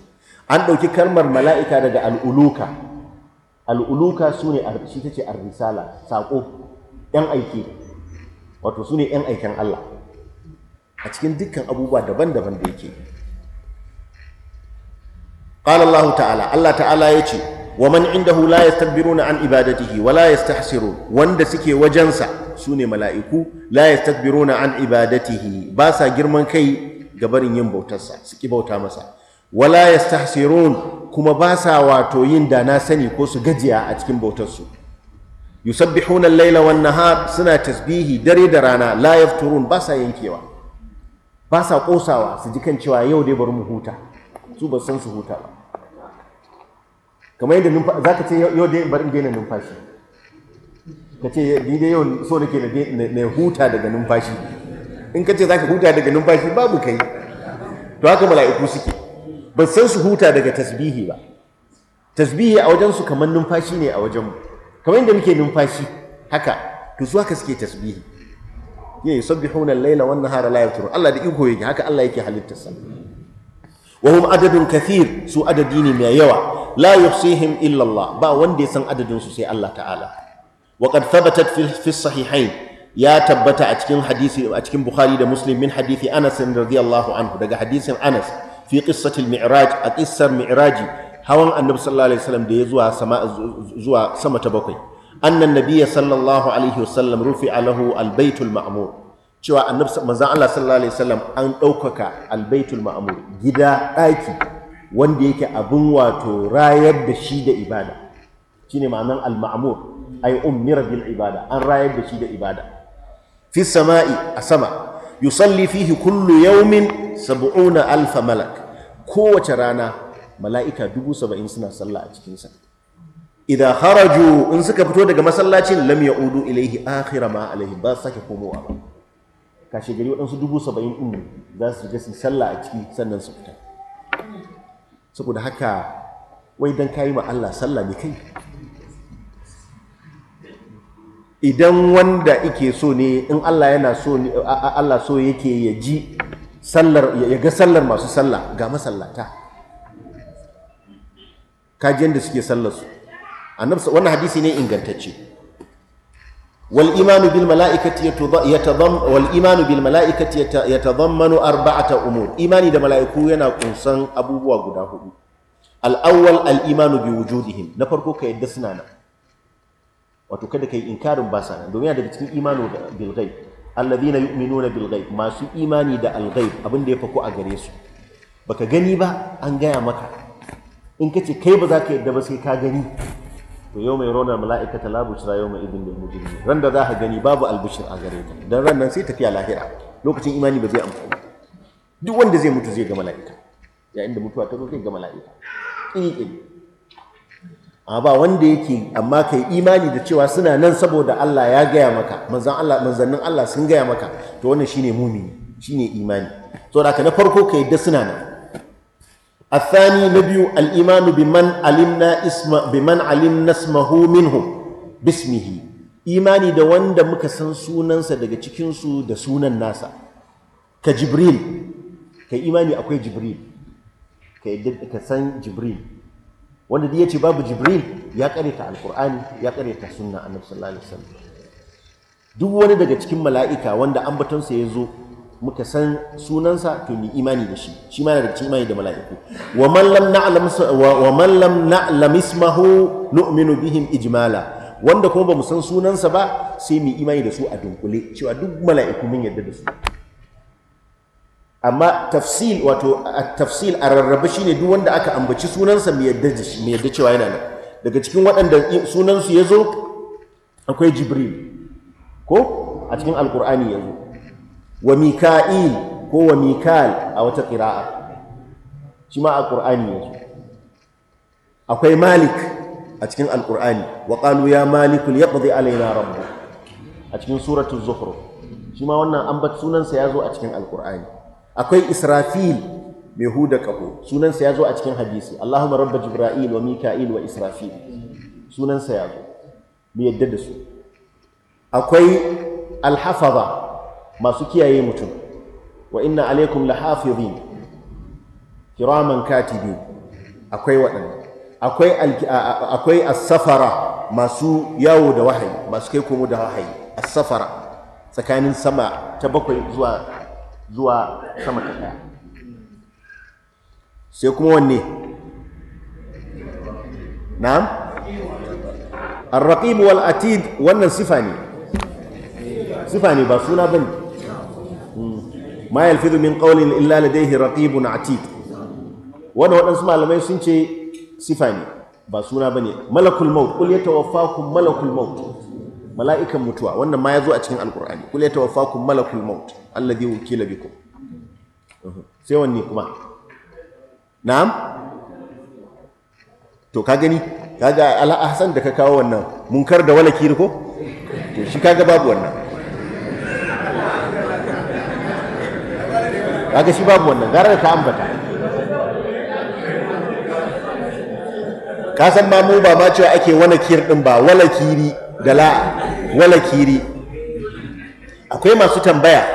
an ɗauki kalmar mala'ika daga al'uluka al'uluka su ne shi ta ce ar-risala saƙo ‘yan aiki wato su ne ‘yan aikin Allah a cikin dukkan abubuwa daban-daban da yake qala ta'ala Allah ta'ala yace wa man indahu la yastakbiruna an ibadatihi wa la yastahsirun wanda suke wajensa sune mala'iku la yastakbiruna an ibadatihi ba sa girman kai ga barin yin bautarsa su ki bauta masa wa la yastahsirun kuma ba sa wato yin da na sani ko su gajiya a cikin bautarsu yusabbihuna al-laila wan nahar suna tasbihi dare da rana la yafturun ba sa yankewa ba sa kosawa su ji kan cewa yau dai bari mu huta su ba san su huta ba kamar yadda numfashi za ka ce yau dai bari daina numfashi ka ce ni dai yau so nake na huta daga numfashi in ka ce za ka huta daga numfashi babu kai to haka mala'iku suke ba san su huta daga tasbihi ba tasbihi a wajensu kamar numfashi ne a wajenmu kamar yadda muke numfashi haka to su haka suke tasbihi yayi sabbihuna al-laila wan nahara la yaturu Allah da iko yake haka Allah yake halittarsa wa hum adadin kathir su adadi ne mai yawa la yuhsihim illa Allah ba wanda ya san adadin su sai Allah ta'ala wa qad thabatat fi sahihain ya tabbata a cikin hadisi cikin Bukhari da Muslim min hadisi Anas radiyallahu daga hadisin Anas fi qissati al-mi'raj a qissar mi'raji hawan annabi sallallahu ya zuwa sama zuwa ta bakwai annan nabiyya sallallahu alaihi wasallam rufi'a lahu al-baitul ma'mur cewa annabi manzon Allah sallallahu alaihi wasallam an ɗaukaka albaitul ma'mur gida ɗaki wanda yake abin wato rayar da shi da ibada shine ma'anan al-ma'mur ay ummira bil ibada an rayar da shi da ibada fi sama'i a sama yusalli fihi kullu yawmin sab'una alfa malak kowace rana mala'ika dubu saba'in suna sallah a cikinsa idan haraju in suka fito daga masallacin lam udu, ilaihi akhira ma alaihi ba sake komowa ba kashe gari waɗansu dubu saba'in ɗin za su je su sallah a ciki sannan su fita saboda haka wai don kayi ma Allah sallah ne kai idan wanda ike so ne in Allah yana so ne Allah so yake ya ji sallar ya ga sallar masu sallah ga masallata kaji yadda suke sallar su annabi wannan hadisi ne ingantacce wal imanu bil mala'ikati yatadhamm wal imanu umur imani da mala'iku yana kunsan abubuwa guda hudu al awwal al imanu bi na farko ka yadda suna wato kada kai inkarin ba sa nan domin yana daga cikin imanu bil ghaib alladhina yu'minuna bil ghaib masu imani da al ghaib abin da ya fako a gare su baka gani ba an gaya maka in kace kai ba za ka yadda ba sai ka gani to yau mai ronar mala'ika ta bushra yau mai idin da mujrimin ran da za ka gani babu albushir a gare ta don ran nan sai tafiya lahira lokacin imani ba zai amfani duk wanda zai mutu zai ga mala'ika yayin da mutuwa ta zo zai ga mala'ika ƙiƙi amma ba wanda yake amma kai imani da cewa suna nan saboda Allah ya gaya maka manzan Allah manzannin Allah sun gaya maka to wannan shine mumini shine imani da haka na farko ka da suna nan الثاني نبي الإيمان بمن علمنا اسم بمن علمنا اسمه منهم باسمه إيماني دا وندا مكا سان سونان سا daga cikinsu da sunan nasa ka Jibril ka imani akwai Jibril ka yadda ka san Jibril wanda da yace babu Jibril ya kareta Alqur'ani ya kareta sunna Annabi sallallahu alaihi duk wani daga cikin mala'ika wanda an ambaton ya zo. muka san sunansa to mu imani da shi shi ma da cikin imani da mala'iku wa man lam na'lam wa man lam na'lam ismahu nu'minu bihim ijmala wanda kuma mu san sunansa ba sai mu imani da su a dunkule cewa duk mala'iku mun yadda da su amma tafsil wato tafsil a rarrabe shine duk wanda aka ambaci sunansa mu yadda da shi mu yadda cewa yana nan daga cikin waɗanda sunansu ya zo akwai jibril ko a cikin alkur'ani ya zo wa mika'il ko wa mikal a wata ƙira'a shi ma a ƙur'ani yanzu akwai malik a cikin alƙur'ani wa ƙalu ya malikul ya ƙuzi alaina rabu a cikin suratun zuhru shi ma wannan ambat sunansa ya zo a cikin alƙur'ani akwai israfil mai huda ƙaho sunansa ya zo a cikin hadisi allahumma rabba jibra'il wa mika'il wa israfil sunansa ya zo mu yadda da su akwai alhafaza masu kiyaye mutum wa inna alaikum hafizin kiraman katibi akwai waɗanda akwai akwai as-safara masu yawo da wahayi masu kai komo da wahayi as-safara tsakanin sama ta bakwai zuwa zuwa sama ta daya sai kuma wanne na'am ar-raqib wal atid wannan sifa ne sifa ne ba suna bane ma yalfidu min qawlin illa ladayhi raqibun atid wannan waɗansu malamai sun ce sifa ne ba suna bane malakul maut qul yatawaffakum malakul maut mala'ikan mutuwa wannan ma ya zo a cikin alkur'ani kul yatawaffakum malakul maut alladhi wukila bikum sai wanne kuma na'am to ka gani kaga ala ahsan da ka kawo wannan munkar da wala ko to shi kaga babu wannan kaga shi babu wannan gara da ta ambata ka san ma mu ba ma cewa ake wani kir din ba wala kiri da la'a wala kiri akwai masu tambaya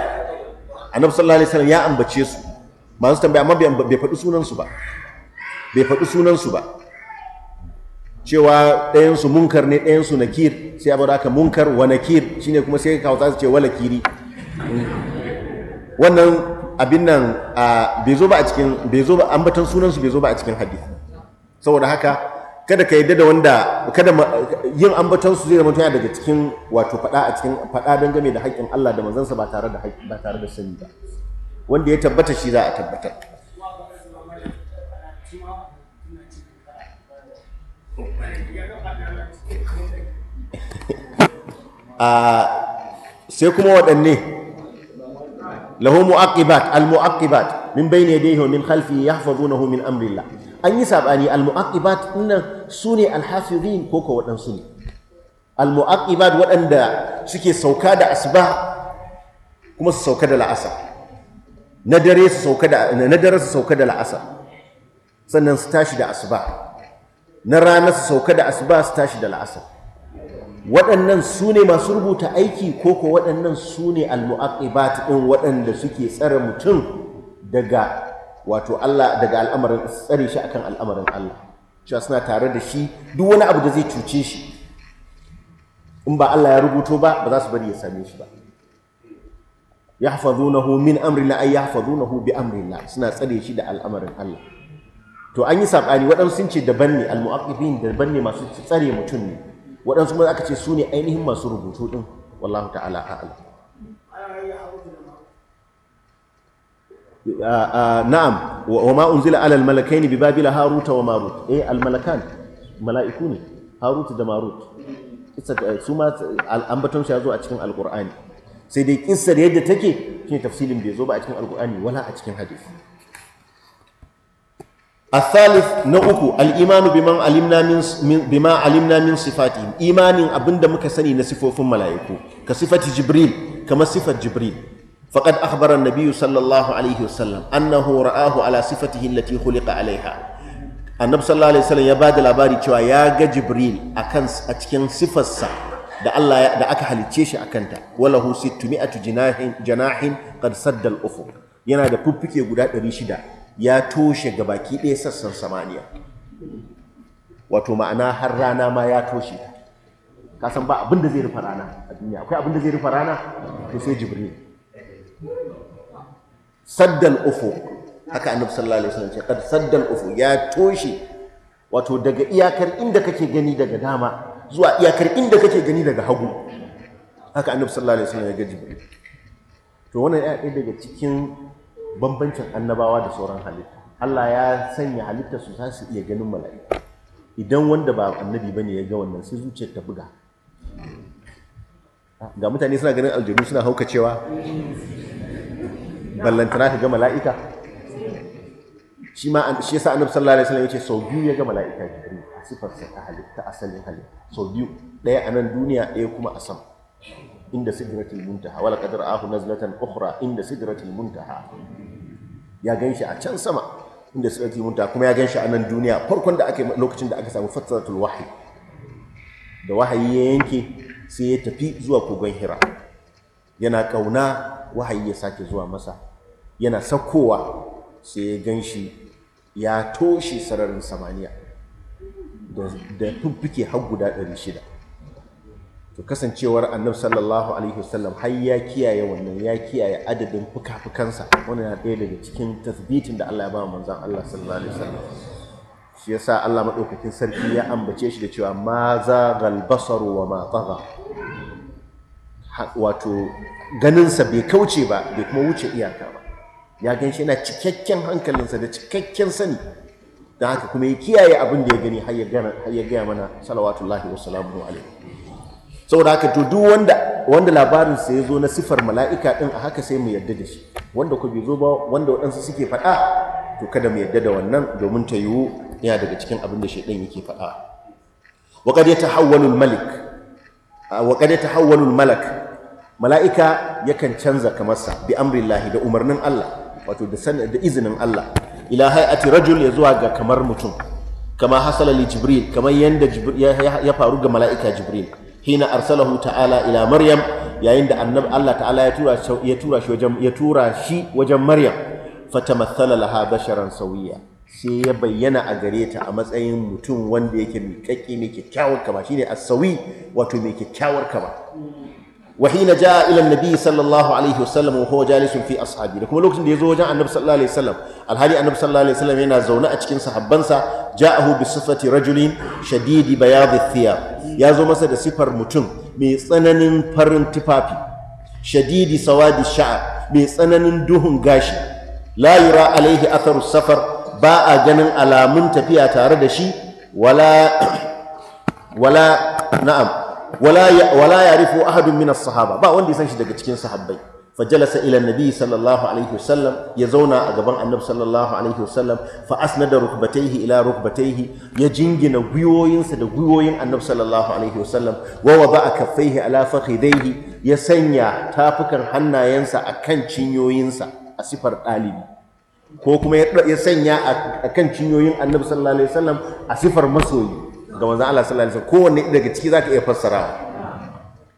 annabi sallallahu alaihi wasallam ya ambace su masu tambaya amma bai faɗi sunansu ba bai faɗi sunansu ba cewa ɗayansu munkar ne ɗayansu na nakir sai abu aka munkar wa nakir shine kuma sai ka kawo su ce wala kiri wannan abin nan bai zo ba a cikin bai zo ba ambaton sunansu bai zo ba a cikin hadith saboda haka kada ka yadda da wanda kada yin ambaton su zai zama yana daga cikin wato fada a cikin fada dangane da haƙƙin Allah da manzansa ba tare da ba tare da sani ba wanda ya tabbata shi za a tabbatar sai kuma waɗanne lahu mu'aqibat al mu'aqibat min bayni yadayhi wa min khalfihi yahfazunahu min amrillah an yi saɓani al mu'aqibat dinnan sune al hafizin ko ko wadansu ne al mu'aqibat wadanda suke sauka da asba kuma su sauka da la'asa na dare su sauka da na sannan su tashi da na rana su sauka da asba su tashi da waɗannan su ne masu rubuta aiki ko ko waɗannan su ne al-mu'aqibat ɗin waɗanda suke tsare mutum daga wato Allah daga al'amarin tsare shi akan al'amarin Allah cewa suna tare da shi duk wani abu da zai cuce shi in ba Allah ya rubuto ba ba za su bari ya same shi ba yahfazunahu min la ay yahfazunahu bi amri amrina suna tsare shi da al'amarin Allah to an yi sabani waɗansu sun ce daban ne almu'aqibin daban ne masu tsare mutum ne waɗansu ma aka ce su ne ainihin masu rubutu ɗin wallahu ta'ala a'ala na'am wa ma unzila alal malakaini bi babila haruta wa marut eh Almalakan, mala'iku ne harut da marut su ma ambaton shi ya zo a cikin Alƙur'ani. sai dai kissar yadda take shine tafsilin bai zo ba a cikin Alƙur'ani wala a cikin hadisi الثالث نوكو الإيمان بما علمنا من بما علمنا من صفاتهم إيمان أبند مكسني نصفه في ملائكو كصفة جبريل كما صفة جبريل فقد أخبر النبي صلى الله عليه وسلم أنه رآه على صفته التي خلق عليها النبي صلى الله عليه وسلم يباد الأباري توا يا جبريل أكن أتكن صفة سا da Allah ya da aka halicce shi akanta walahu 600 jinahin janahin qad sadda al-ufuq yana da fuffuke guda 600 ya toshe ga baki ɗaya sassan samaniya wato ma'ana har rana ma ya toshe Ka kasan ba abin da zai rufe rana a duniya akwai abin da zai rufe rana to sai jibril saddal ufu haka annabi sallallahu alaihi wasallam ce kad saddal ufu ya toshe wato daga iyakar inda kake gani daga dama zuwa iyakar inda kake gani daga hagu haka annabi sallallahu alaihi wasallam ya ga jibril to wannan ya daga cikin bambancin annabawa da sauran halitta Allah ya sanya halitta su su iya ganin mala'ika idan wanda ba annabi bane ya ga wannan sai zuciyar ta buga ga mutane suna ganin aljanu suna haukacewa ballantana ta ga mala'ika shi ma shi yasa annabi sallallahu alaihi wasallam yace sau biyu ya ga mala'ika jibril a sa ta halitta asalin halitta sau biyu ɗaya a nan duniya ɗaya kuma a sama inda sidratul muntaha wala qadra ahu nazlatan ukhra inda sidratul muntaha ya gan shi a can sama inda suka ji munta kuma ya gan shi a nan duniya farkon da aka lokacin da aka samu fassaratul wahyi da wahayi ya yanke sai ya tafi zuwa kogon hira yana ƙauna wahayi ya sake zuwa masa yana sakowa sai ya gan shi ya toshe sararin samaniya da fiffike har guda ɗari shida to kasancewar annab sallallahu alaihi wasallam har ya kiyaye wannan ya kiyaye adadin fuka-fukansa wani na ɗaya daga cikin tasbitin da Allah ya ba manzan, Allah sallallahu alaihi wasallam shi yasa Allah maɗaukakin sarki ya ambace shi da cewa ma za basaru wa ma wato ganinsa bai kauce ba bai kuma wuce iyaka ba ya gan shi yana cikakken hankalinsa da cikakken sani da haka kuma ya kiyaye abin da ya gani har ya gaya mana salawatullahi wasu salamu alaihi saboda haka to duk wanda wanda sa ya zo na siffar mala'ika din a haka sai mu yarda da shi wanda ku bi zo ba wanda waɗansu suke faɗa to kada mu yarda da wannan domin ta yiwu yana daga cikin abin da shaidan yake faɗa wa qad yatahawwalu malik wa qad malak mala'ika yakan canza kamar sa bi amrillahi da umarnin Allah wato da da izinin Allah ila hay'ati rajul ya zuwa ga kamar mutum kama hasala li jibril kamar yanda ya faru ga mala'ika jibril hina arsalahu ta'ala ila maryam yayin da annab Allah ta'ala ya tura ya tura shi wajen ya tura shi wajen maryam fatamassala laha basharan sawiya sai ya bayyana a gare ta a matsayin mutum wanda yake miƙaƙƙi mai kyakkyawar kama shine as-sawi wato mai kyakkyawar kama وحين جاء الى النبي صلى الله عليه وسلم وهو جالس في اصحابه kuma lokacin da yazo wajen annabi sallallahu alaihi wasallam alhali annabi sallallahu alaihi wasallam yana zaune a cikin sahabbansa ja'ahu bi sifati rajulin shadidi bayad ath-thiyab ya zo masa da sifar mutum mai tsananin farin tufafi shadidi sawadi sha'a mai tsananin duhun gashi Layura alaihi atharu safar ba a ganin alamun tafiya tare da shi wala wala na'am wala ya, wala ahadun min sahaba ba wanda ya san shi daga cikin sahabbai فجلس ila النبي sallallahu alaihi عليه ya zauna a gaban صلى sallallahu alaihi وسلم fa ركبتيه rukbatayhi ila يجنجن ya jingina gwiwoyinsa da gwiwoyin الله sallallahu alaihi ووضع wa على فخذيه ala fakhidaihi ya sanya tafukan hannayensa akan a sifar ko kuma ya sanya kan cinyoyin annabi sallallahu alaihi wasallam a sifar masoyi ga manzon Allah sallallahu alaihi wasallam kowanne daga ciki zaka iya fassarawa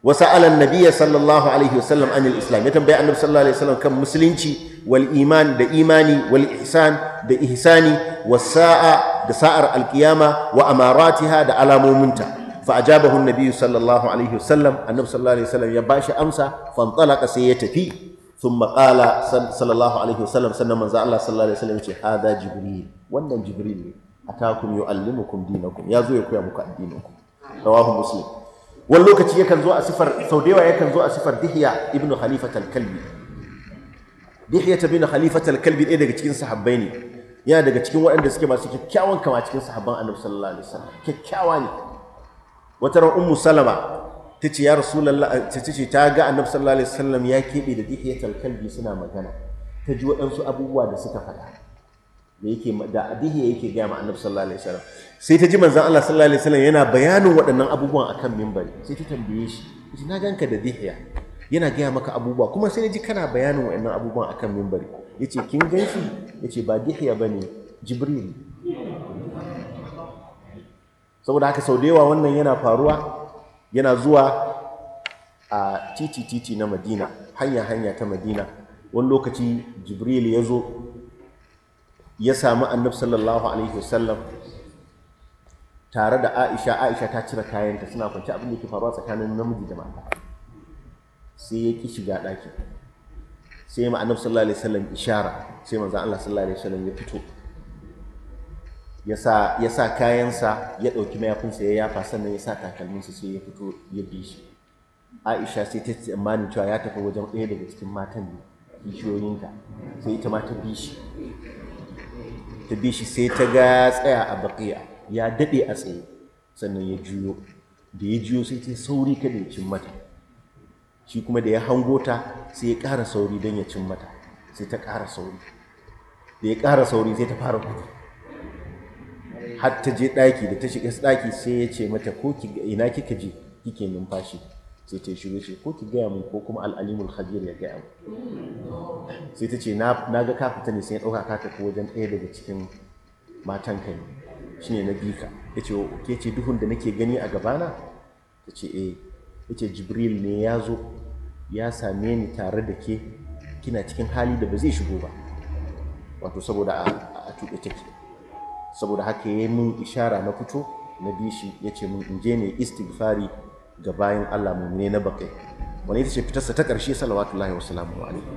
Wasu sa'ala an sallallahu alaihi wasallam anil islam ya tambayi annabi sallallahu alaihi wasallam kan musulunci wal iman da imani wal ihsan da ihsani was sa'a da sa'ar Alkiyama qiyama wa amaratiha da alamominta فأجابه النبي صلى الله عليه وسلم النبي صلى الله عليه وسلم يباش أمسى فانطلق سيتفي ثم قال صلى الله عليه وسلم سنة من الله صلى الله عليه وسلم هذا جبريل وانا جبريل أتاكم يؤلمكم دينكم يا زويكم يا مكا دينكم رواه مسلم wani lokaci yakan zo a sifar sau da yawa yakan zo a sifar dihiya ibnu halifat al-kalbi dihiya ta bin halifat al-kalbi ɗaya daga cikin sahabbai ne yana daga cikin waɗanda suke masu kyakkyawan kama cikin sahabban annabi sallallahu alaihi wasallam kyakkyawa ne wata ran ummu salama ta ce ya rasulullah ta ce ta ga annabi sallallahu alaihi wasallam ya keɓe da dihiya al-kalbi suna magana ta ji waɗansu abubuwa da suka faɗa da yake da adihiya yake gaya ma annabi sallallahu alaihi wasallam sai ta ji manzon Allah sallallahu alaihi wasallam yana bayanin waɗannan abubuwan akan mimbari sai ta tambaye shi ita na ganka da dihiya yana gaya maka abubuwa kuma sai na ji kana bayanin waɗannan abubuwan akan mimbari yace kin gan shi yace ba dihiya bane jibril saboda haka sau da yawa wannan yana faruwa yana zuwa a titi titi na madina hanya hanya ta madina wani lokaci jibril ya zo ya samu annabi sallallahu alaihi wasallam tare da Aisha Aisha ta cire kayanta suna kwance abin da ke faruwa tsakanin namiji da mata sai ya ki shiga ɗaki sai ma annabi sallallahu alaihi wasallam ishara sai manzo Allah sallallahu alaihi wasallam ya fito ya sa kayansa ya ɗauki mayafinsa ya yafa sannan ya sa takalminsa sai ya fito ya bi shi aisha sai ta tsammanin cewa ya tafi wajen ɗaya daga cikin matan ne kishiyoyinta sai ita ma ta bi shi ta bi shi sai ta ga tsaya a baƙiya ya daɗe a tsaye sannan ya juyo da ya juyo sai ta sauri kada ya cin mata shi kuma da ya hango ta sai ya ƙara sauri don ya cin mata sai ta ƙara sauri da ya ƙara sauri sai ta fara gudu har ta je ɗaki da ta shiga ɗaki sai ya ce mata ko ina kika je kike numfashi sai ta shiru shi ko ki gaya mun ko kuma al'alimul khabir ya gaya mun sai ta ce na ga ka fita ne sai ya ɗauka ka ko wajen ɗaya daga cikin matan ka ne shine na bika ya ce ke ce duhun da nake gani a gabana ta ce eh ya ce jibril ne ya zo ya same ni tare da ke kina cikin hali da ba zai shigo ba wato saboda a tuɗe take saboda haka ya yi mun ishara na fito na bishi ya ce mun in je ne istighfari ga bayan Allah mu'mine na bakai wani ita ce fitarsa ta ƙarshe salawatullahi wa salamu alaihi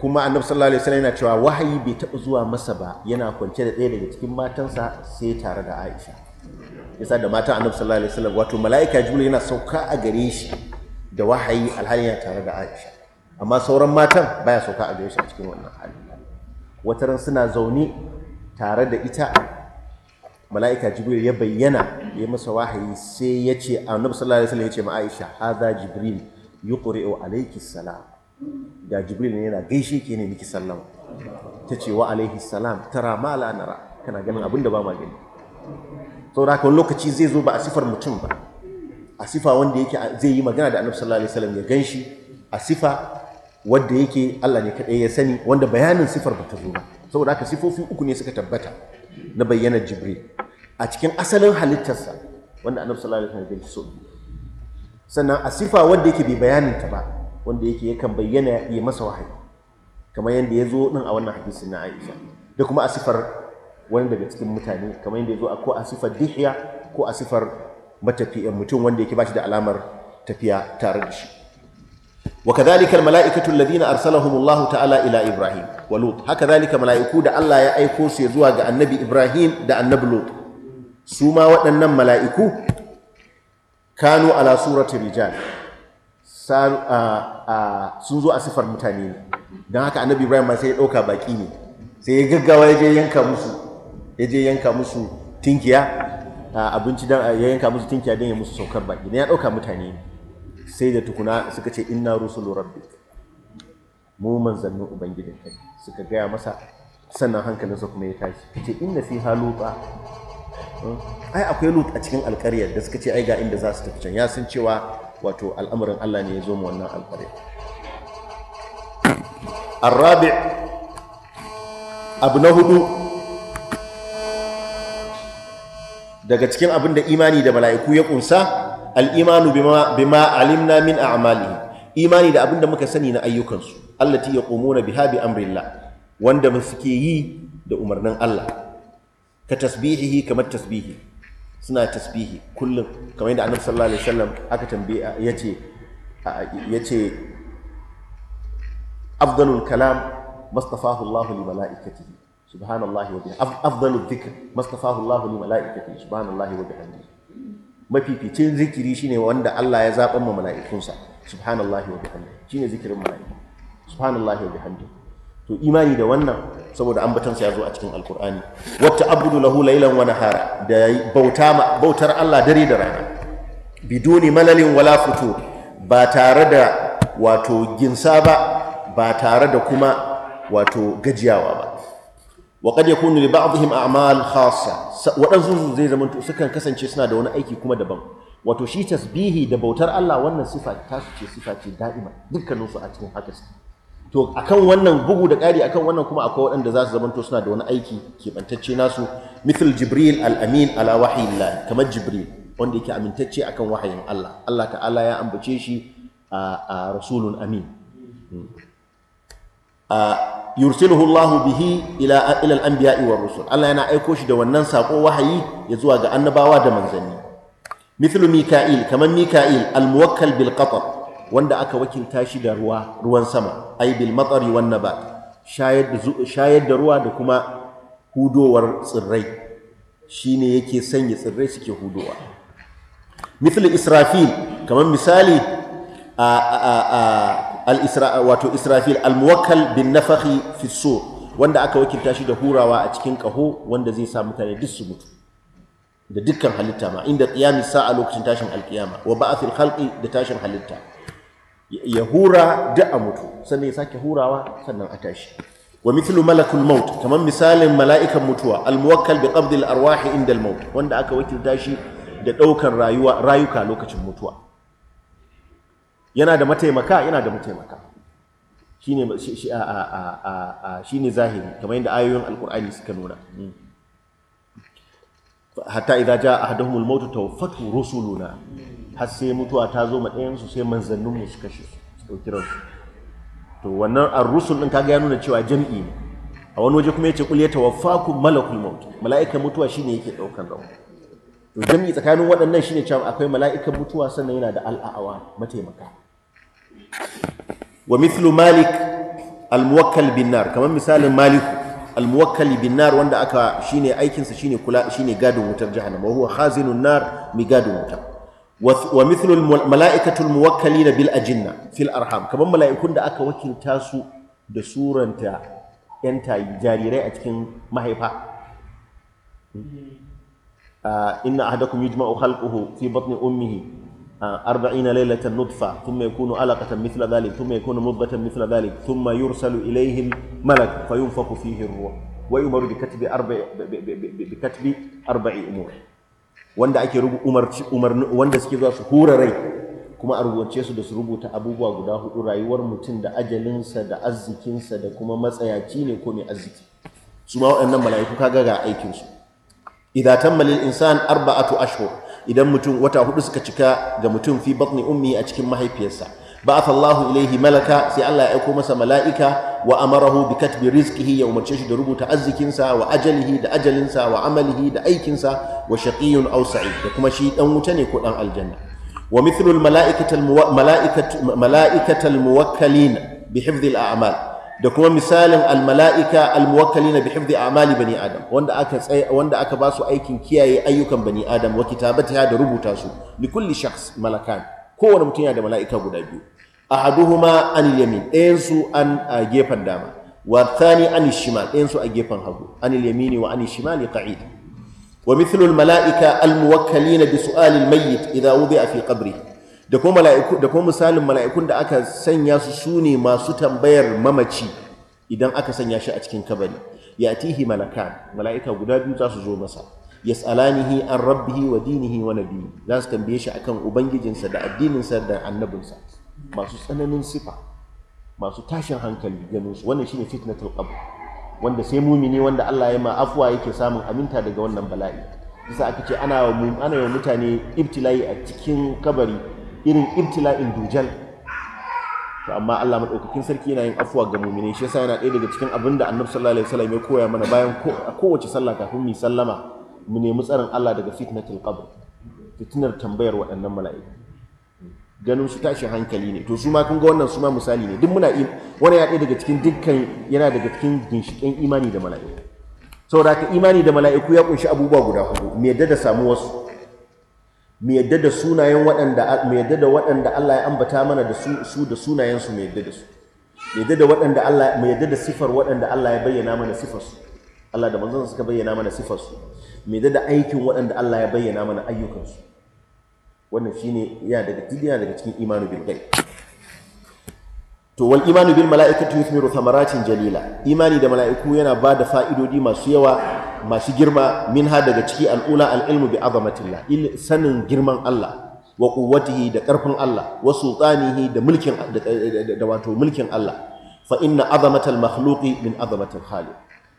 kuma annab sallallahu alaihi wasallam yana cewa wahayi bai taɓa zuwa masa ba yana kwance da ɗaya daga cikin matansa sai tare da Aisha yasa da matan annab sallallahu alaihi wasallam wato mala'ika jibril yana sauka a gare shi da wahayi alhali yana tare da Aisha amma sauran matan baya sauka a gare shi a cikin wannan hali wataran suna zaune tare da ita mala'ika jibril ya bayyana ya masa wahayi sai ya ce annabi sallallahu alaihi wasallam ya ce ma aisha hadha jibril yuqri'u alaihi salam da jibril ne yana gaishe ke ne miki sallama ta ce wa alaihi salam tara ma la kana ganin abin da ba ma gani saboda haka wani lokaci zai zo ba a sifar mutum ba a sifa wanda yake zai yi magana da annabi sallallahu alaihi wasallam ya ganshi a sifa wanda yake Allah ne kaɗai ya sani wanda bayanin sifar ba ta zo ba saboda haka sifofi uku ne suka tabbata na bayyana jibril a cikin asalin halittarsa wanda annabi sallallahu alaihi wasallam ya so sannan a sifa wanda yake bai bayanin ta ba wanda yake yakan bayyana ya masa wahayi kamar yadda ya zo din a wannan hadisin na Aisha da kuma a sifar wani daga cikin mutane kamar yadda ya zo ko a sifar dihiya ko a sifar matafiyan mutum wanda yake ba shi da alamar tafiya tare da shi وكذلك الملائكة الذين أرسلهم الله تعالى إلى إبراهيم ولوط هكذلك ملائكة دا الله يأيكو سيزوا دا النبي إبراهيم دا النبي لوط سوما وأن ملائكة كانوا على صورة رجال سنزو أسفر متانين دا هكا النبي إبراهيم ما سيد أوكا باكيني سيد غغاوا يجي ينكا مسو يجي ينكا مسو تنكيا abinci dan ya yanka musu tinkiya dan ya musu saukar baki ne ya dauka mutane ne sai da tukuna suka ce inna rusulu rabbik mu manzannin ubangijin kai suka gaya masa sannan hankalinsa kuma ya tashi ce inna fi haluta ai akwai lut a cikin alƙaryar da suka ce ai ga inda za su tafi can ya san cewa wato al'amarin Allah ne ya zo mu wannan alƙaryar arabi abu na hudu daga cikin abin da imani da mala'iku ya kunsa al bima alimna min a a'malihim imani da abinda muka sani na ayyukansu Allah allati yaqumuna biha bi amrillah wanda mun suke yi da umarnin Allah ka tasbihihi kamar tasbihi suna tasbihi kullum kamar yadda annabi sallallahu alaihi wasallam aka tambaye yace yace afdalul kalam mastafahu Allah li malaikatihi subhanallahi wa bihamdihi afdalul dhikr mastafahu Allah li malaikatihi subhanallahi wa bihamdihi mafificin zikiri shine wanda Allah ya zaɓa ma mala'ikunsa subhanallahi wa Shi ne zikirin mala'iku subhanallahi wa bihamdihi to imani da wannan saboda ambatansa ya zo a cikin alkur'ani wata abudu lahu lailan wa nahara da bauta bautar Allah dare da rana biduni malalin wala fito ba tare da wato ginsa ba ba tare da kuma wato gajiyawa ba wa qad yakunu li ba'dihim a'mal khassa waɗansu zai zama sukan kasance suna da wani aiki kuma daban wato shi tasbihi da bautar Allah wannan sifa ta ce sifa ce da'ima su a cikin haka su to akan wannan bugu da ƙari akan wannan kuma akwai waɗanda za su zamanto suna da wani aiki keɓantacce nasu mithil jibril al-amin ala wahiyillah kamar jibril wanda yake amintacce akan wahayin Allah Allah ta'ala ya ambace shi a rasulun amin hmm. yursiluhu Allah bihi ila ila al-anbiya'i wa rusul Allah yana aiko shi da wannan sako wahayi ya zuwa ga annabawa da manzanni mithlu mika'il kaman mika'il al-muwakkal bil qatar wanda aka wakilta shi da ruwa ruwan sama ay bil matari wan nabat shayar da da ruwa da kuma hudowar tsirrai shine yake sanya tsirrai suke hudowa mithlu israfil kaman misali a wato israfil almuwakkal bin nafakhi fi sur wanda aka wakilta shi da hurawa a cikin kaho wanda zai sa mutane duk su mutu da dukkan halitta ma inda qiyami sa'a lokacin tashin alkiyama wa ba'athil khalqi da tashin halitta ya hura da a mutu sannan ya sake hurawa sannan a tashi wa mithlu malakul maut kamar misalin mala'ikan mutuwa almuwakkal bi qabdil arwahi inda al maut wanda aka wakilta shi da ɗaukar rayuwa rayuka lokacin mutuwa yana da mataimaka yana da mataimaka shine shi a a a shine zahiri kamar yadda ayoyin alqur'ani suka nuna hatta idza jaa ahaduhumul maut tawaffatu rusuluna har sai mutuwa ta zo ma ɗayan su sai manzannin mu suka shi su dauki ransu to wannan ar-rusul din kaga ya nuna cewa jami'i ne a wani waje kuma yace qul tawaffaku malakul maut mala'ikan mutuwa shine yake daukan rawa to jami'i tsakanin waɗannan shine cewa akwai mala'ikan mutuwa sannan yana da al'awa mataimaka wa mithlu malik al Binnar, bin nar kamar misalin malik al Binnar bin nar wanda aka shine aikin sa shine kula shine gadin wutar jahannam, wa huwa khazinun nar mi gadin wuta wa mithlu al-mala'ikatu bil ajinna fil arham kamar mala'ikun da aka wakilta su da suranta yan jarirai a cikin mahaifa hmm? inna ahadakum yujma'u khalquhu fi batni ummihi أربعين ليلة نطفة ثم يكون علقة مثل ذلك ثم يكون مضغة مثل ذلك ثم يرسل إليه الملك فينفخ فيه الروح ويؤمر بكتب أربع بكتب أربع أمور wanda ake umar wanda suke zuwa su hura rai kuma a rubuce su da su rubuta abubuwa guda hudu rayuwar mutum da ajalinsa da arzikinsa da kuma matsayaci ne ko mai arziki su ma waɗannan mala'iku kaga ga aikinsu idan tammalil insan arba'atu ashhur idan mutum wata hudu suka cika ga mutum fi batni ummi a cikin mahaifiyarsa ba'atha Allahu ilaihi malaka sai Allah ya aiko masa mala'ika wa amarahu bi katbi rizqihi ya umarce shi da rubuta arzikinsa wa ajalihi da ajalinsa wa amalihi da aikinsa wa shaqiyyun aw sa'id da kuma shi dan wuta ne ko dan aljanna wa mithlu al mala'ikati al al muwakkalin bi hifdhi al a'mal da kuma misalin almala'ika na bi hifdhi a'mali bani adam wanda aka tsaye wanda aka ba su aikin kiyaye ayyukan bani adam wa kitabatiha da rubuta su li kulli shakhs malakan kowane mutum yana da mala'ika guda biyu ahaduhuma an yamin ɗayan su an a gefen dama wa thani an shimal ɗayan su a gefen hagu an yamini wa an shimal qa'id wa mithlu almala'ika na bi su'al almayyit idha wudi'a fi qabrihi da kuma mala'iku da kuma misalin mala'ikun da aka sanya su sune masu tambayar mamaci idan aka sanya shi a cikin kabari Ya tihi malaka, mala'ika guda biyu za su zo masa yas'alanihi an rabbihi wa dinihi wa nabiyi za su tambaye shi akan ubangijinsa da addininsa da annabinsa masu tsananin sifa masu tashin hankali ganin su wannan shine fitnatul qabr wanda sai mumini wanda Allah ya ma afwa yake samun aminta daga wannan bala'i yasa aka ce ana ana mutane ibtila'i a cikin kabari irin ibtila'in dujal to amma Allah madaukakin sarki yana yin afuwa ga mu'minai shi yasa yana ɗaya daga cikin abin da Annabi sallallahu alaihi wasallam ya koya mana bayan kowace sallah kafin mu sallama mu nemi tsarin Allah daga fitnatul qabr fitnar tambayar waɗannan mala'iku ganin su tashi hankali ne to su ma kun ga wannan su ma misali ne duk muna wani ya ɗaya daga cikin dukkan yana daga cikin ginshiƙen imani da mala'iku saboda haka imani da mala'iku ya kunshi abubuwa guda hudu me da samu wasu mu yadda da sunayen waɗanda mu yadda da waɗanda Allah ya ambata mana da su su da sunayen su mu yadda da su mu yadda da waɗanda Allah mu yadda da sifar waɗanda Allah ya bayyana mana sifar su Allah da manzon suka bayyana mana sifar su mu yadda da aikin waɗanda Allah ya bayyana mana ayyukan su wannan shine ya daga dinya daga cikin imanu bil ghaib to wal imanu bil mala'ikati yuthmiru thamaratin jalila imani da mala'iku yana ba da fa'idodi masu yawa masu girma min ha daga ciki al'ula al'ilmu bi azamatillah sanin girman Allah wa quwwatihi da ƙarfin Allah wa sultanihi da mulkin da wato mulkin Allah fa inna azamatal makhluqi min azamatil khaliq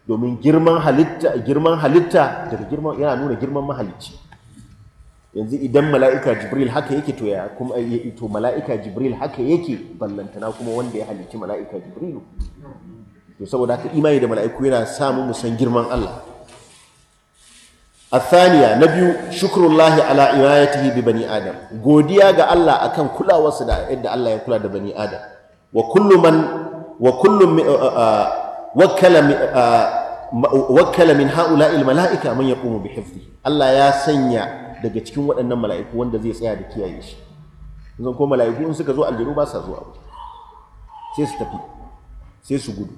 domin girman halitta girman halitta daga girman yana nuna girman mahalicci yanzu idan mala'ika jibril haka yake to ya kuma to mala'ika jibril haka yake ballantana kuma wanda ya halicci mala'ika jibrilu to saboda haka imani da mala'iku yana samu san girman Allah A athaniya na biyu shukrullahi ala imayatihi bi bani adam godiya ga Allah akan kulawarsa da yadda Allah ya kula da bani adam wa kullu man wa kullu wakkala wakkala min ha'ula'il mala'ika man yaqumu bi hifzi Allah ya sanya daga cikin waɗannan mala'iku wanda zai tsaya da kiyaye shi zan ko mala'iku in suka zo aljiru ba sa zuwa sai su tafi sai su gudu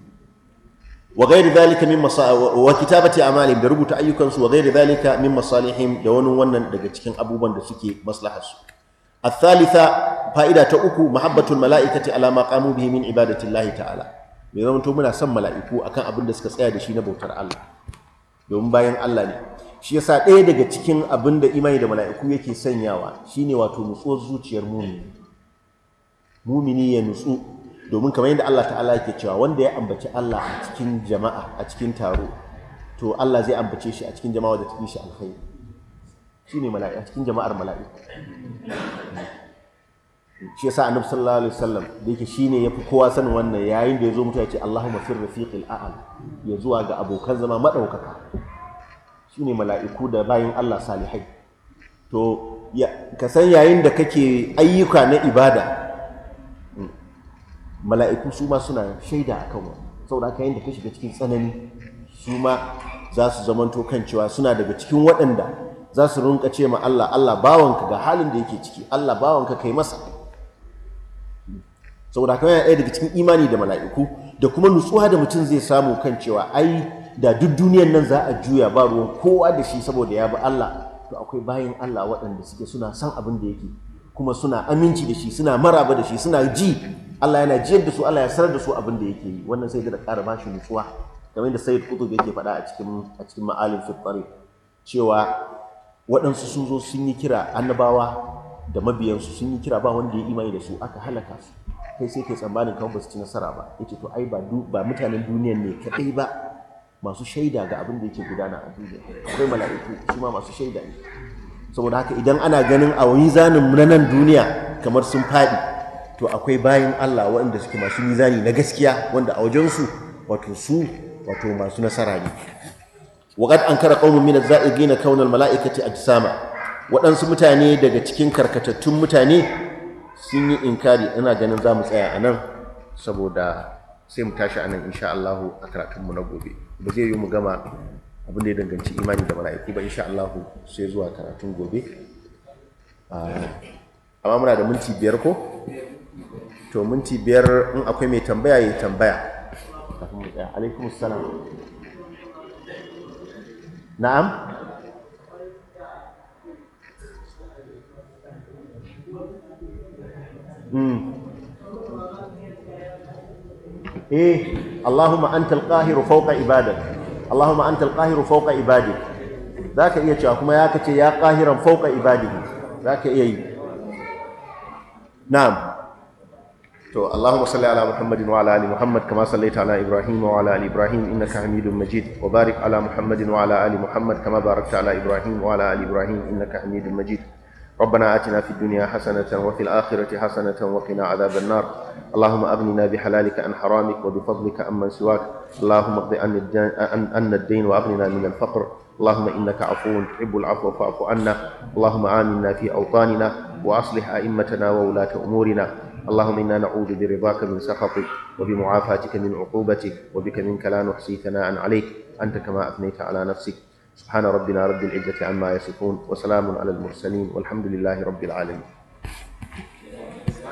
wa ghairi dhalika min wa kitabati amalihim da rubuta ayyukansu wa ghairi dhalika min masalihim da wani wannan daga cikin abubuwan da suke maslaharsu الثالثة fa'ida ta uku الملائكة على ما قاموا به من عبادة الله تعالى mai zama to muna son mala'iku akan abin da suka tsaya da shi na bautar Allah domin bayan Allah ne shi yasa ɗaya daga cikin abin da imani da mala'iku yake sanyawa shine wato nutsuwar zuciyar mumini mumini ya nutsu domin kamar yadda Allah ta'ala yake cewa wanda ya ambaci Allah a cikin jama'a a cikin taro to Allah zai ambace shi a cikin jama'a da tafi shi alkhairi mala'i a cikin jama'ar mala'i shi yasa annabi sallallahu alaihi wasallam da yake shine fi kowa sanin wannan yayin da ya zo mutu ya ce Allahumma fir rafiqil a'al ya zuwa ga abokan zama madaukaka shine mala'iku da bayin Allah salihai to ya ka san yayin da kake ayyuka na ibada mala'iku su ma suna shaida a kan wani saboda haka yadda ka shiga cikin tsanani su ma za su zamanto kan cewa suna daga cikin waɗanda za su rinka ce ma Allah Allah bawanka ga halin da yake ciki Allah bawanka kai masa saboda aka yana ɗaya daga cikin imani da mala'iku da kuma nutsuwa da mutum zai samu kan cewa ai da duk duniyan nan za a juya ba ruwan kowa da shi saboda ya bi Allah to akwai bayan Allah waɗanda suke suna san abin da yake kuma suna aminci da shi suna maraba da shi suna ji Allah yana jiyar da su Allah ya sanar da su abin da yake yi wannan sai da ƙara ba shi nutsuwa kamar da Sayyid Qutb yake faɗa a cikin a cikin Ma'alim fi cewa waɗansu sun zo sun yi kira annabawa da mabiyansu sun yi kira ba wanda ya imani da su aka halaka su kai sai ke tsammanin kawai ba su ci nasara ba yace to ai ba ba mutanen duniya ne kadai ba masu shaida ga abin da yake gudana a duniya akwai mala'iku su ma masu shaida ne saboda haka idan ana ganin a wani zanin na nan duniya kamar sun faɗi to akwai bayan Allah waɗanda suke masu mizani na gaskiya wanda a wajensu wato su wato masu nasara ne waqad ankara qaumun min az-za'igina kauna al-mala'ikati ajsama waɗansu mutane daga cikin karkatattun mutane sun yi inkari ina ganin za mu tsaya a nan saboda sai mu tashi a nan insha Allah a karatunmu na gobe ba zai yi mu gama abin da ya danganci imani da mala'iku ba insha Allah sai zuwa karatun gobe ah, amma muna da minti biyar ko to minti biyar in akwai mai tambaya ya tambaya alaikum salam na'am hmm. eh allahumma anta alqahiru fawqa ibadak allahumma anta alqahiru fawqa ibadik zaka iya cewa kuma ya kace ya qahiran fawqa ibadihi zaka iya yi na'am to Allahumma salli ala Muhammadin wa ala ali Muhammad kama sallaita ala Ibrahim wa ala ali Ibrahim innaka hamidun Majid wa barik ala Muhammadin wa ala ali Muhammad kama barakta ala Ibrahim wa ala ali Ibrahim innaka Hamidum Majid ربنا آتنا في الدنيا حسنة وفي الآخرة حسنة وقنا عذاب النار اللهم أغننا بحلالك عن حرامك وبفضلك عمن سواك اللهم اقض عنا الدين وأغننا من الفقر اللهم إنك عفو تحب العفو فاعف عنا اللهم آمنا في أوطاننا وأصلح أئمتنا وولاة أمورنا اللهم إنا نعوذ برضاك من سخطك وبمعافاتك من عقوبتك وبك منك لا نحصي ثناء عليك أنت كما أثنيت على نفسك سبحان ربنا رب العزة عما يصفون وسلام على المرسلين والحمد لله رب العالمين